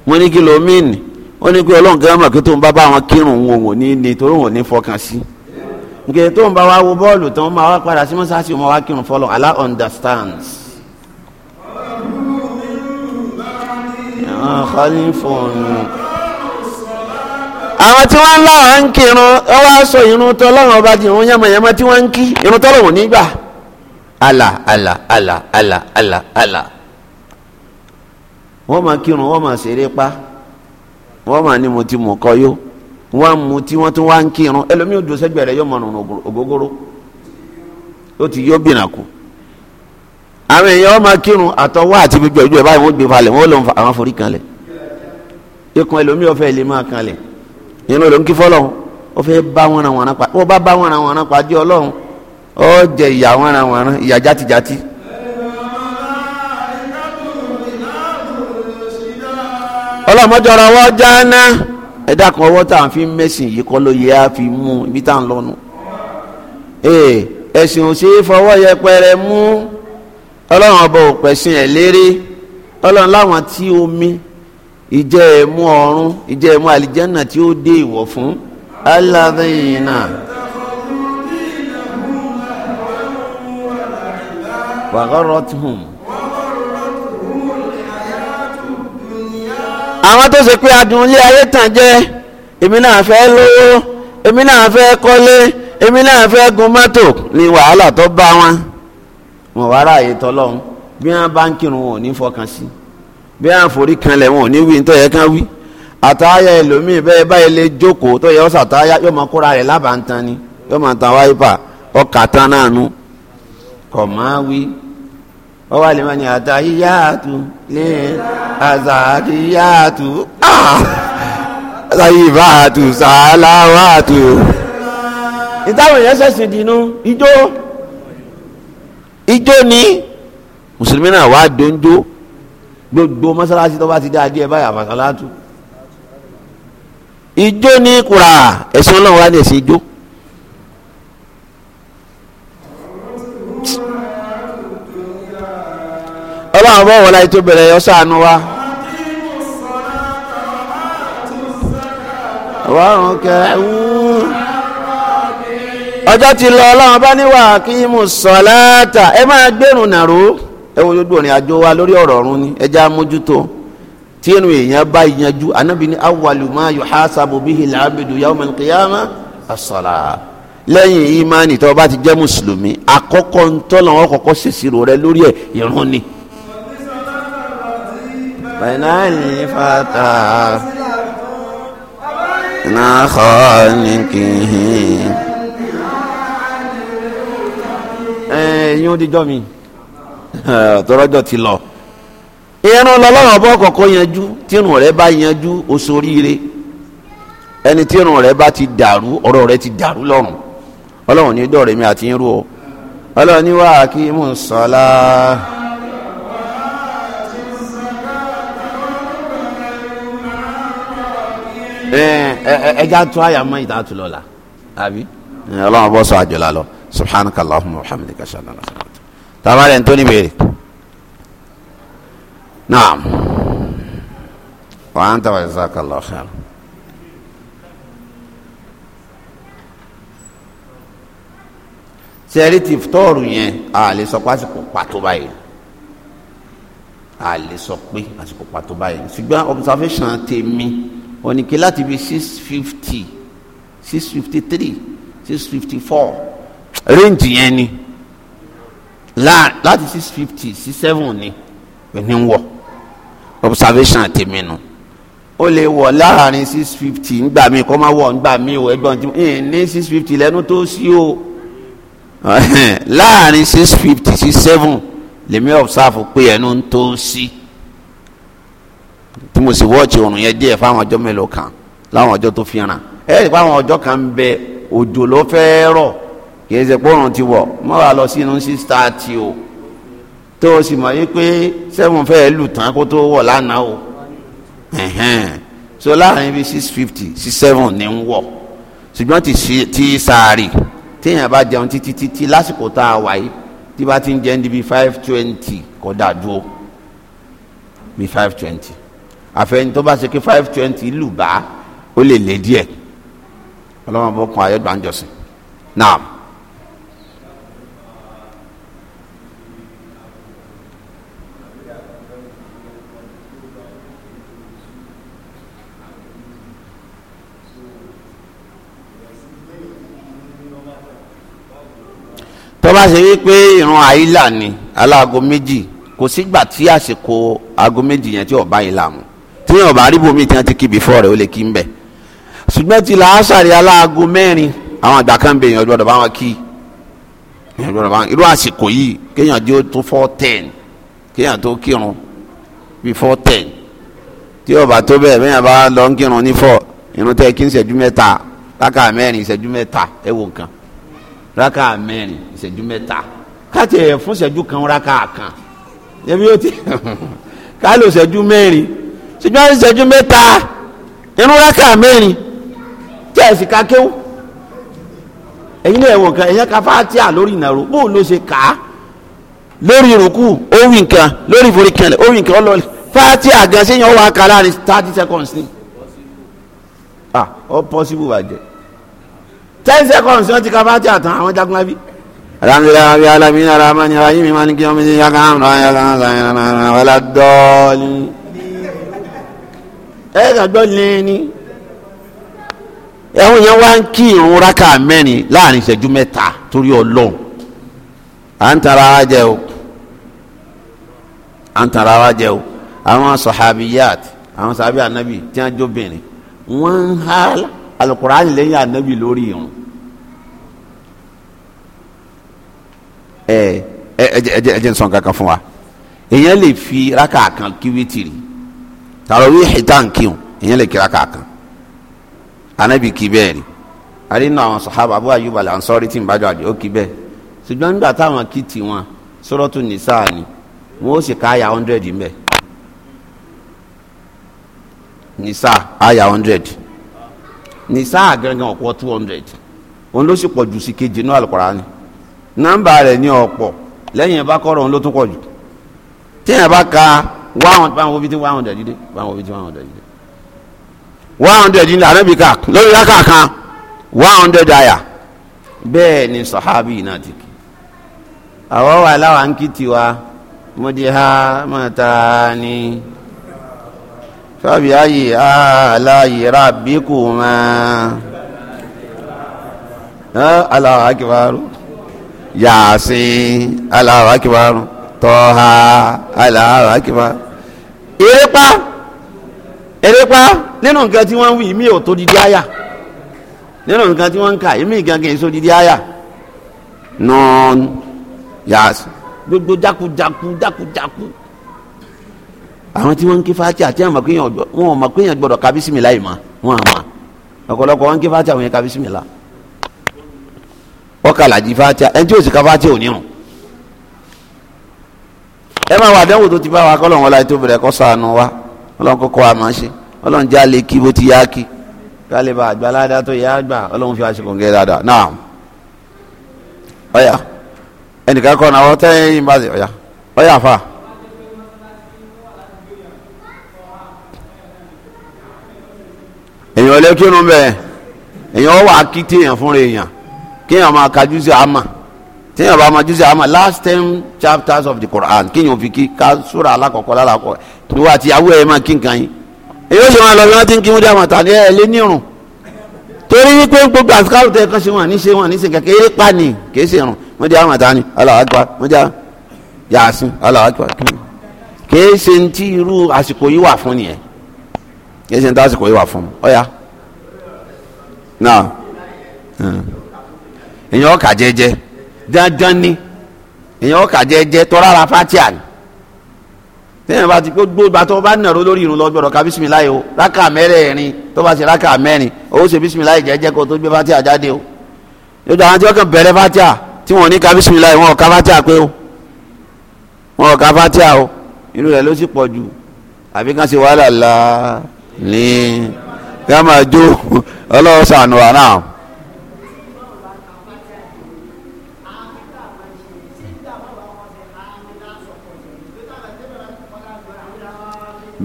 S2: mo ní kí ló mean ó ní kí ọlọ́run kan mọ̀ kí tó ń bá bá wọn kírun wọn ò ní ní torí wọn ò ní fọkàn sí nke tó ń bá wa wo bọ́ọ̀lù tó ń máa wá padà sí mọ́ṣáláṣí ó wá kírun fọlọ́ Allah understands. ọ̀hún mi ń bá a ní àwọn tí wọ́n ń láwọn ń kírun ọ wá sọ irun tọ́lọ́wọ́n ọba di irun yánmọ̀yánmọ́ tí wọ́n ń kí irun tọ́lọ́wọ́n nígbà àlà àlà àlà àlà àlà àlà wọ́n máa kírun wọ́n máa ṣeré pa wọ́n máa ní mo ti mú kọ́ yó wọ́n á mu tí wọ́n tún wá ń kírun ẹlòmíì odò sẹ́gbẹ̀ẹ́ rẹ̀ yóò mọ̀ nù ògógóró ó ti yó bìnnà kù àwọn èèyàn wọ́n máa kírun àtọwọ́ àti gbogbo ẹ̀jọ̀ báyìí wọ́n gbé falẹ̀ wọ́n lọ́n yẹn ló ń kí fọlọ́hún ó fẹ́ bá wọn ra wọn ó bá bá wọn ra wọn jẹ́ ọlọ́run ó jẹ wọn fi mẹ́sìn yìí kọ́ ló yẹ á fi mú ibi tá à ń lọ́nu. ẹ̀sìn ò ṣeé fọwọ́ yẹpẹrẹ mú ọlọ́run ọba ẹ̀ ọlọ́run láwọn omi ìjẹ́ ẹ̀mú ọ̀run ìjẹ́ ẹ̀mú àlìjánà tí ó dé ìwọ̀ fún aláàbẹ̀yìnà. àwọn tó ṣe pé adùn ilé ayé tàn jẹ́ èmi náà fẹ́ lówó èmi náà fẹ́ gun mọ́tò ni wàhálà tó bá wọn wọn wàhálà yìí tọ́lọ́hún bí wọ́n bá ń bí àǹforí kanlẹ̀ wọn ò ní wí ní tọ́yẹ kán wí àtàyà ẹlòmíì bẹ́ẹ̀ báyìí lè jókòó tọ́yẹ ọ̀sà àtàyà yóò máa kóra rẹ̀ lábàntán ni yóò máa tan wáyípà ọkà tán náà nu kọ̀ máa wí ọwọ́ àlè máa ní àtàyè yáàtú lè àzàkì yáàtú ah! àtàyè ìbáàtú sàláwàtú. ìtàwọn èèyàn ṣẹ̀ṣẹ̀ dìínú ijó ijó ni mùsùlùmí náà wàá dóńjó gbogbo mọ́sálásí tó bá ti dáa díẹ̀ báyà àfàsálátù ìjó ní kura ẹ̀sìn ọlọ́run wá ní ẹ̀sìn ìjó. ọlọ́run bọ̀ wọlé tó bẹ̀rẹ̀ yọ sáànù wa. wọ́n kẹ́ wú. ọjọ́ ti lọ ọlọ́run bá ní wàá kí mú sọ̀láàtà ẹ máa gbẹ̀rùn nàró ẹ wo gbogbo ìrìn àjò wa lórí ọ̀rọ̀ ọ̀run ni ẹ jẹ́ amójútó tí ẹnu èèyàn bá yanjú anábì ní awwalu ma yuhasabu bihi al-abdu yawm al-qiyamah as-salah lẹ́yìn ìmánì tó ti jẹ́ mùsùlùmí àkọ́kọ́ ntọ́lọ́wọ́ kọ́kọ́ ṣèṣirò rẹ lórí ẹ̀ ìrun ni. bẹ̀nàlì fata nàkọ́ nìkìhìn. ẹ̀yin ó di jọ́ mi. Eh, tọrọjọ ti lọ ìran lọlọ́wọ́ bọ́ kọ̀ọ̀kan yanjú tírun rẹ bá yanjú o ṣoríire ẹni tírun rẹ bá ti dàrú ọ̀rọ̀ rẹ ti dàrú lọ́rùn ọlọ́run ní dọ̀rẹ́ mi àti irú o ọlọ́run ní wàá kí mò ń sọlá. Eh, ẹja tó àyà mọ ìta tó lọ la àbí. Eh, ọlọ́run bọ́ sọ àjọ la lọ subhanakallahumma wa hamdika shalala tabarẹ̀ tó ní béèrè naam wa anta wa jazakallahu khair. sẹ́rí ti tọ́ọ̀rù yẹn a lè sọ pé àsìkò pàtó báyìí a lè sọ pé àsìkò pàtó báyìí ṣùgbọ́n observation tèmi oníke láti bi six fifty six fifty three six fifty four range yẹn ni láti six fifty sí seven ni ẹni ń wọ̀ observation tèmi nu ó lè wọ̀ láàrin six fifty ńgbà mi kọ́ máa wọ̀ ńgbà mi ò ẹgbọ́n tí ẹ ní six fifty lẹ́nu tó sí o láàrin six fifty sí seven lèmi observe pé ẹnu ń tó sí tí mo sì wọ́ọ̀tì òrùn yẹn díẹ̀ fáwọn ọjọ́ mélòó kan láwọn ọjọ́ tó fi ràn ẹ̀ẹ́dì fáwọn ọjọ́ kan ń bẹ òjò ló fẹ́ rọ̀ kì í ṣe pé òrùn ti wọ̀ mọ́ wàá lọ sínú sí sítáàtì o tó o sì mọ̀ yí pé sẹ́wọ̀n fẹ́ẹ́ lù tán kó tó wọ̀ lánàá o so láàrin bíi six fifty six seven ní ń wọ̀ ṣùgbọ́n ti sàárì téèyàn bá jẹun títí títí lásìkò tá a wà yìí tí bá ti ń jẹun di bíi five twenty kò dáa dúró bíi five twenty àfẹ́yìn tó bá ṣe pé five twenty lù bá ó lè lé díẹ̀ ọlọ́mọbọ̀kun ayọ́gbàǹjọ́sìn náà. tó bá ṣe wípé ìrun àìlà ni aláago méjì kò sígbà tí àsìkò aago méjì yẹn tí ọba ìlà mu tí ọba aríbomi tí wọn ti kí before rẹ ó lè kí ń bẹ ṣùgbọ́n ti làásàrí aláago mẹ́rin àwọn àgbà kan bẹ èèyàn gbọ́dọ̀ bá wọn kí èèyàn gbọ́dọ̀ bá wọn irú àsìkò yìí kéèyàn dé tó four ten kéèyàn tó kírun bí four ten tí ọba tó bẹ́ẹ̀ bẹ́ẹ̀ bá lọ ń kírun ní four irun tẹ́ kí ń ṣẹ́jú mẹ́ta lákà mẹ́rin raka mẹ́rin ìṣẹ́jú mẹ́ta káàtì ẹ̀ fún ìṣẹ́jú kan raka kan ẹbí ó ti ká lò ìṣẹ́jú mẹ́rin ìṣẹ́jú mẹ́rin ìṣẹ́jú mẹ́ta inú raka mẹ́rin tí ẹ̀ sì ká kéwù ẹ̀yin náà ẹ̀wọ̀n kan ẹ̀yẹ ká fátíà lórí ìnàró bóun ló ṣe kà á lórí ìrùkù ó wí nǹkan lórí ìforíkẹlẹ̀ ó wí nǹkan ọlọ́ọ̀lẹ̀ fátíà gan yẹn ó wà á kà thirty seconds ni ah ó possible bàjẹ́ ten seconds wọ́n ti ka fati àtàn àwọn jagunlabi. alhamdulilayi rabi alamin aramani rahimi maliki yomini yakan yakan yakan wala dọọni. ẹ ka dọ lẹni. ẹ̀hún yẹn wá ń kí irun raka mẹ́rin láàrin ìṣẹ́jú mẹ́ta torí ọlọ́run à ń tara ara jẹ o à ń tara ara jẹ o àwọn sahabiyat àwọn sahabi anabi tí wọ́n jó bìnrin wọ́n ń hàlá. alukurani lẹ́yìn anabi lórí irun ẹ ẹ ẹ nsọ nkankan fún wa èèyàn lè fi raka kan kí wítìrì tààrọ wí hitan kíun le lè kí raka kan anabi kí bẹ́ẹ̀ ni àdínà àwọn sàhábà Abu Ayyub al-Ansari tí ó ṣùgbọ́n nígbà táwọn ni ó sì ká àyà hundred. nisa gangan ọ̀pọ̀ two hundred òun ló sì pọ̀ jù sí kejì inú alukurani nọ́mbà rẹ̀ ní ọ̀pọ̀ lẹ́yìn ẹ̀bá kọ́rọ̀ òun ló tún pọ̀ jù bá ka one hundred one hundred. one hundred one one hundred one hundred kan one hundred àyà ni sọ̀hábì yìí náà ti kí àwọn wà di ha mọ̀ta ni. fàbí ayé aláyé rábíkù máa aláwọ̀ akíwárú yàásín aláwọ̀ akíwárú tọ́ha aláwọ̀ akíwárú erépa erépa nínú nǹkan tí wọ́n wí mí ò tó di díáyà nínú nǹkan tí wọ́n ń kà mí gangan èso di díáyà nọ́ọ̀n yàásín gbogbo jákujáku jákujáku. jaku, jaku àwọn tí wọn ń ké fati àti àwọn akéèyàn ọjọ wọn ò mọ akéèyàn gbọ́dọ̀ ka bisimilá yìí ma wọn à ma ọ̀pọ̀lọpọ̀ wọn ń ké fati àwọn yẹn ka bisimilá ọkàlàjì fati ẹni tí yóò sì ka fati ò ní o ẹ máa wà àdánwò tó ti bá wa kọlọ̀ wọn láti tó bẹ̀rẹ̀ kọ́ sànù wa ọlọ́run kọ́kọ́ wa máa ṣe ọlọ́run já lè kí bó ti yá kí kálíbà àgbàládá tó yá gbà ọlọ́run fi wá ṣe kò dáadáa náà ọ̀yà ẹnìkan kọ́ ọ̀nà ọ̀ bá ti ọ̀yà ọ̀yà fà èèyàn lẹ́kínú bẹ́ẹ̀ èèyàn wà kí téèyàn fúnra èèyàn kéèyàn máa ka júùsì àmà téèyàn bá máa júùsì àmà last ten chapters of the Quran kéèyàn fi kí ká súra alákọ̀ọ́kọ́ lálàkọ̀ ìwọ àti ìyàwó ẹ̀ máa kí nǹkan yín èyí sì máa lọ bí wọ́n ti ń kí wọ́n dé àwọn àtàlẹ́ ẹ̀ lé nírun torí wípé gbogbo àfikàrò tẹ kan ṣe wọn àníṣe wọn àníṣe kẹkẹ eré pa ni kìí ṣe irun wọn jẹ àwọn àtàní Allahu Akbar wọn jẹ yàásín Allahu Akbar kìí ṣe ti irú kí ẹsẹ̀ ń tásìkò yìí wà fún ọ̀yà náà hmm. èèyàn ọkà jẹ́jẹ́ dandan ni èèyàn ọkà jẹ́jẹ́ tọ́ra ara fatia ni tẹ́yìn bá ti kó gbóògbà tó bá nàró lórí irun lọ gbọ́dọ̀ ka bisimilayi o rákà mẹ́rẹ̀ẹ̀rin tó bá ṣe rákà mẹ́rin o ṣe bisimilayi jẹ́jẹ́ kó tó gbé fatia jáde o yóò dáhùn tí wọ́n kàn bẹ̀rẹ̀ fatia tí wọ́n ní ka bisimilayi wọn ò fatia pé o wọn ò fatia o irú rẹ̀ ló sì pọ̀ jù àbí kan ṣe wàhálà láà ní ká máa jó ọlọ́wọ́ sànù wa náà.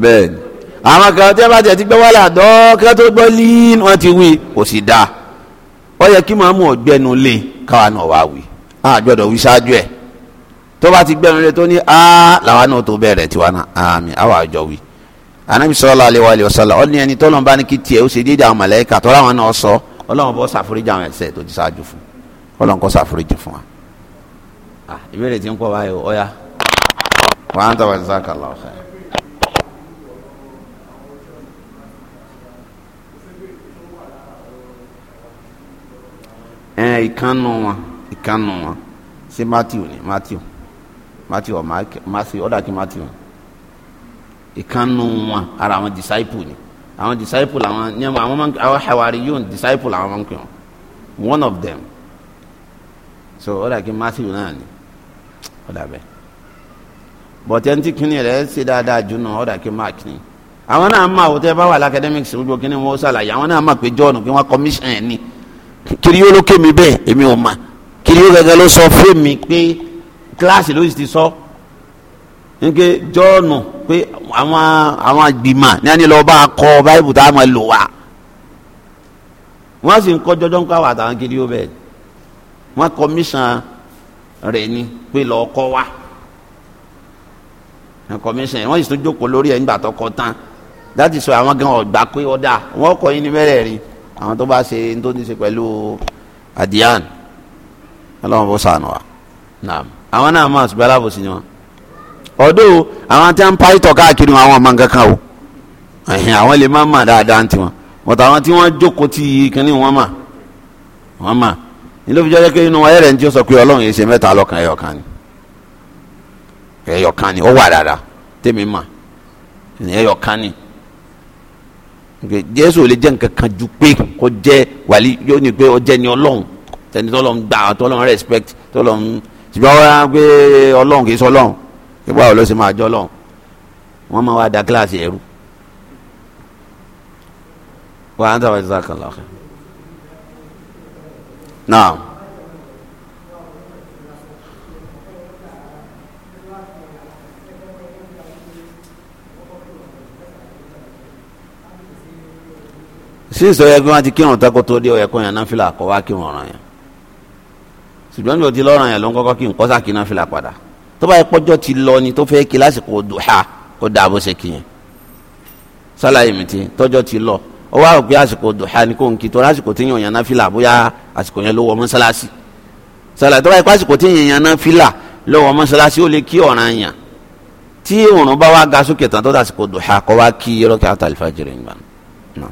S2: bẹ́ẹ̀ni àwọn kan tí a bá tẹ̀ ti gbẹ́ wálé àdọ́ kí wọ́n tó gbọ́ lean wọ́n ti wí kò sì dáa ó yẹ kí màmú ọ̀gbẹ́nu lé káwa náà wá wí á gbọ́dọ̀ wí ṣáájú ẹ̀ tó bá ti gbẹ́nu lé tó ní á làwa náà tó bẹ̀rẹ̀ tiwa náà àmì àwa àjọ wí anabi sallallahu alaihi wa sallam ọdún ẹni tọ́lọ́n bá ní kí tiẹ̀ ó ṣe déédéé àwọn màláíkà tọ́lá àwọn náà sọ ọlọ́run bọ́ ṣàforíjì àwọn ẹ̀ṣẹ̀ tó ti ṣáájú fún ọlọ́run kó ṣàforíjì fún wa. ìbéèrè tí ń pọ̀ báyìí ó yá wa anta wa jazakallahu khair. ẹ ìkànnù wọn ìkànnù wọn ṣé matthew ni matthew matthew ọ̀ matthew ọ̀dà kí matthew ìkànnù wọn ara àwọn disciple ni àwọn disciple àwọn ní àwọn máa ń àwọn hawari yóò disciple àwọn máa ń pè wọn one of them so ó dàgbé Matthew náà ni ó dàbẹ́ bọ̀tẹ́ntì kìíní rẹ̀ ṣe dáadáa jù náà ó dàgbé Mark ni àwọn náà máa wò tẹ́ bá wà lákàdẹ́míkì gbogbo kí ni wọ́n ṣàlàyé àwọn náà máa pé John kí wọ́n commission ẹ̀ ni kiri yóò ló ké mi bẹ́ẹ̀ èmi ò mà kiri yóò gẹ́gẹ́ ló sọ fún mi pé kíláàsì ló sì ti sọ nke John pé àwọn àwọn àgbìmọ̀ ní àná lọ́ọ́ bá kọ báìbù tá a máa lò wá wọ́n sì ń kọ́ jọjọ́ ń kọ́ àwọn àtàwọn kiri ó bẹ̀ wọ́n kọmíṣàn rẹ̀ ni pé lọ́ọ́ kọ́ wá kọmíṣàn wọ́n sì tún jókòó lórí ẹ̀ nígbà tó kọ́ tán láti sọ àwọn gan ọ̀gbà pé ọ̀dà wọ́n kọ́ yín ní mẹ́rẹ̀ẹ̀rin àwọn tó bá ṣe tó ní ṣe pẹ̀lú adiyan ọlọ́run bó sànù wa naam àwọn náà máa ṣùgbọ́n alábòsí ni wọn ọ̀dọ́ àwọn tí wọ́n ń parí tọ̀ káàkiri wọn àwọn ọmọ nǹkan kan o ẹ̀hìn àwọn lè má mà dáadáa ti wọn bọ̀tà àwọn tí wọ́n jókòó ti kínní wọn mà wọn mà nílò fi jẹ́ pé inú ayé rẹ̀ ń tí ó sọ pé ọlọ́run yìí ṣe mẹ́ta lọ́kàn ẹ̀yọ̀kan ni ẹ̀yọ̀kan ni ó wà dáadáa tèmi mà ẹ̀yọ̀kan ni jésù lè jẹ́ nǹkan kan ju pé kó jẹ́ wàlí yóò ní pé ó jẹ́ ni ọlọ́run tẹni tọ́lọ́run gbà tọ́lọ́run respect tọ́lọ́run ṣùgbọ́n wọ́n á gbé ọlọ́run kì í sọ ọlọ́run ìgbà wo ló ṣe máa jọ lọ́hùn wọ́n máa wá da kíláàsì ẹ̀rú wà á ń tàwọn ìṣẹ́ kan lọ́kẹ́. náà sísọ yẹ kí wọ́n ti kírun tako tó dé ọ̀yẹ́ kó yẹn náfìlà kọ́ wá kírun ọ̀ràn yẹn ṣùgbọ́n ní o ti lọ́ràn yẹn ló ń kọ́kọ́ kí n kọ́sà kí náfìlà padà tó bá yẹ pọ́jọ́ ti lọ ni tó fẹ́ kí lásìkò duha ó dà bó ṣe kìyàn sálàyé mi ti tọ́jọ́ ti lọ ó wá rò pé àsìkò duha ni kò ń kí tó lásìkò tí yàn yàn náà fìlà bóyá àsìkò yẹn ló wọ mọ́sálásí sálàyé tó bá yẹ pé àsìkò tí yàn yàn náà ló wọ mọ́sálásí ó lè kí ọ̀ràn yàn tí òòrùn bá wá ga sókè tán tó dàsìkò duha kó wá kí yọrọ kí àtàlífàjìrì ń gbà náà.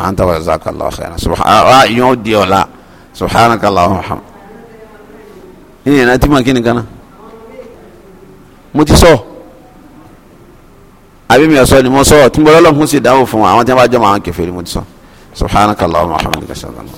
S2: أنت وجزاك الله خيرا سبحان يودي ولا سبحانك اللهم وبحمدك إيه أنت ما كنا mo ti sọ àbí mi ọ̀sọ́ ni mo sọ tí mo lọ́lọ́ fún sí ìdáhùn fún àwọn tí wọ́n bá jọ mọ́ àwọn kẹfẹ́ ni mo ti sọ subhanakallahumma wa hamdika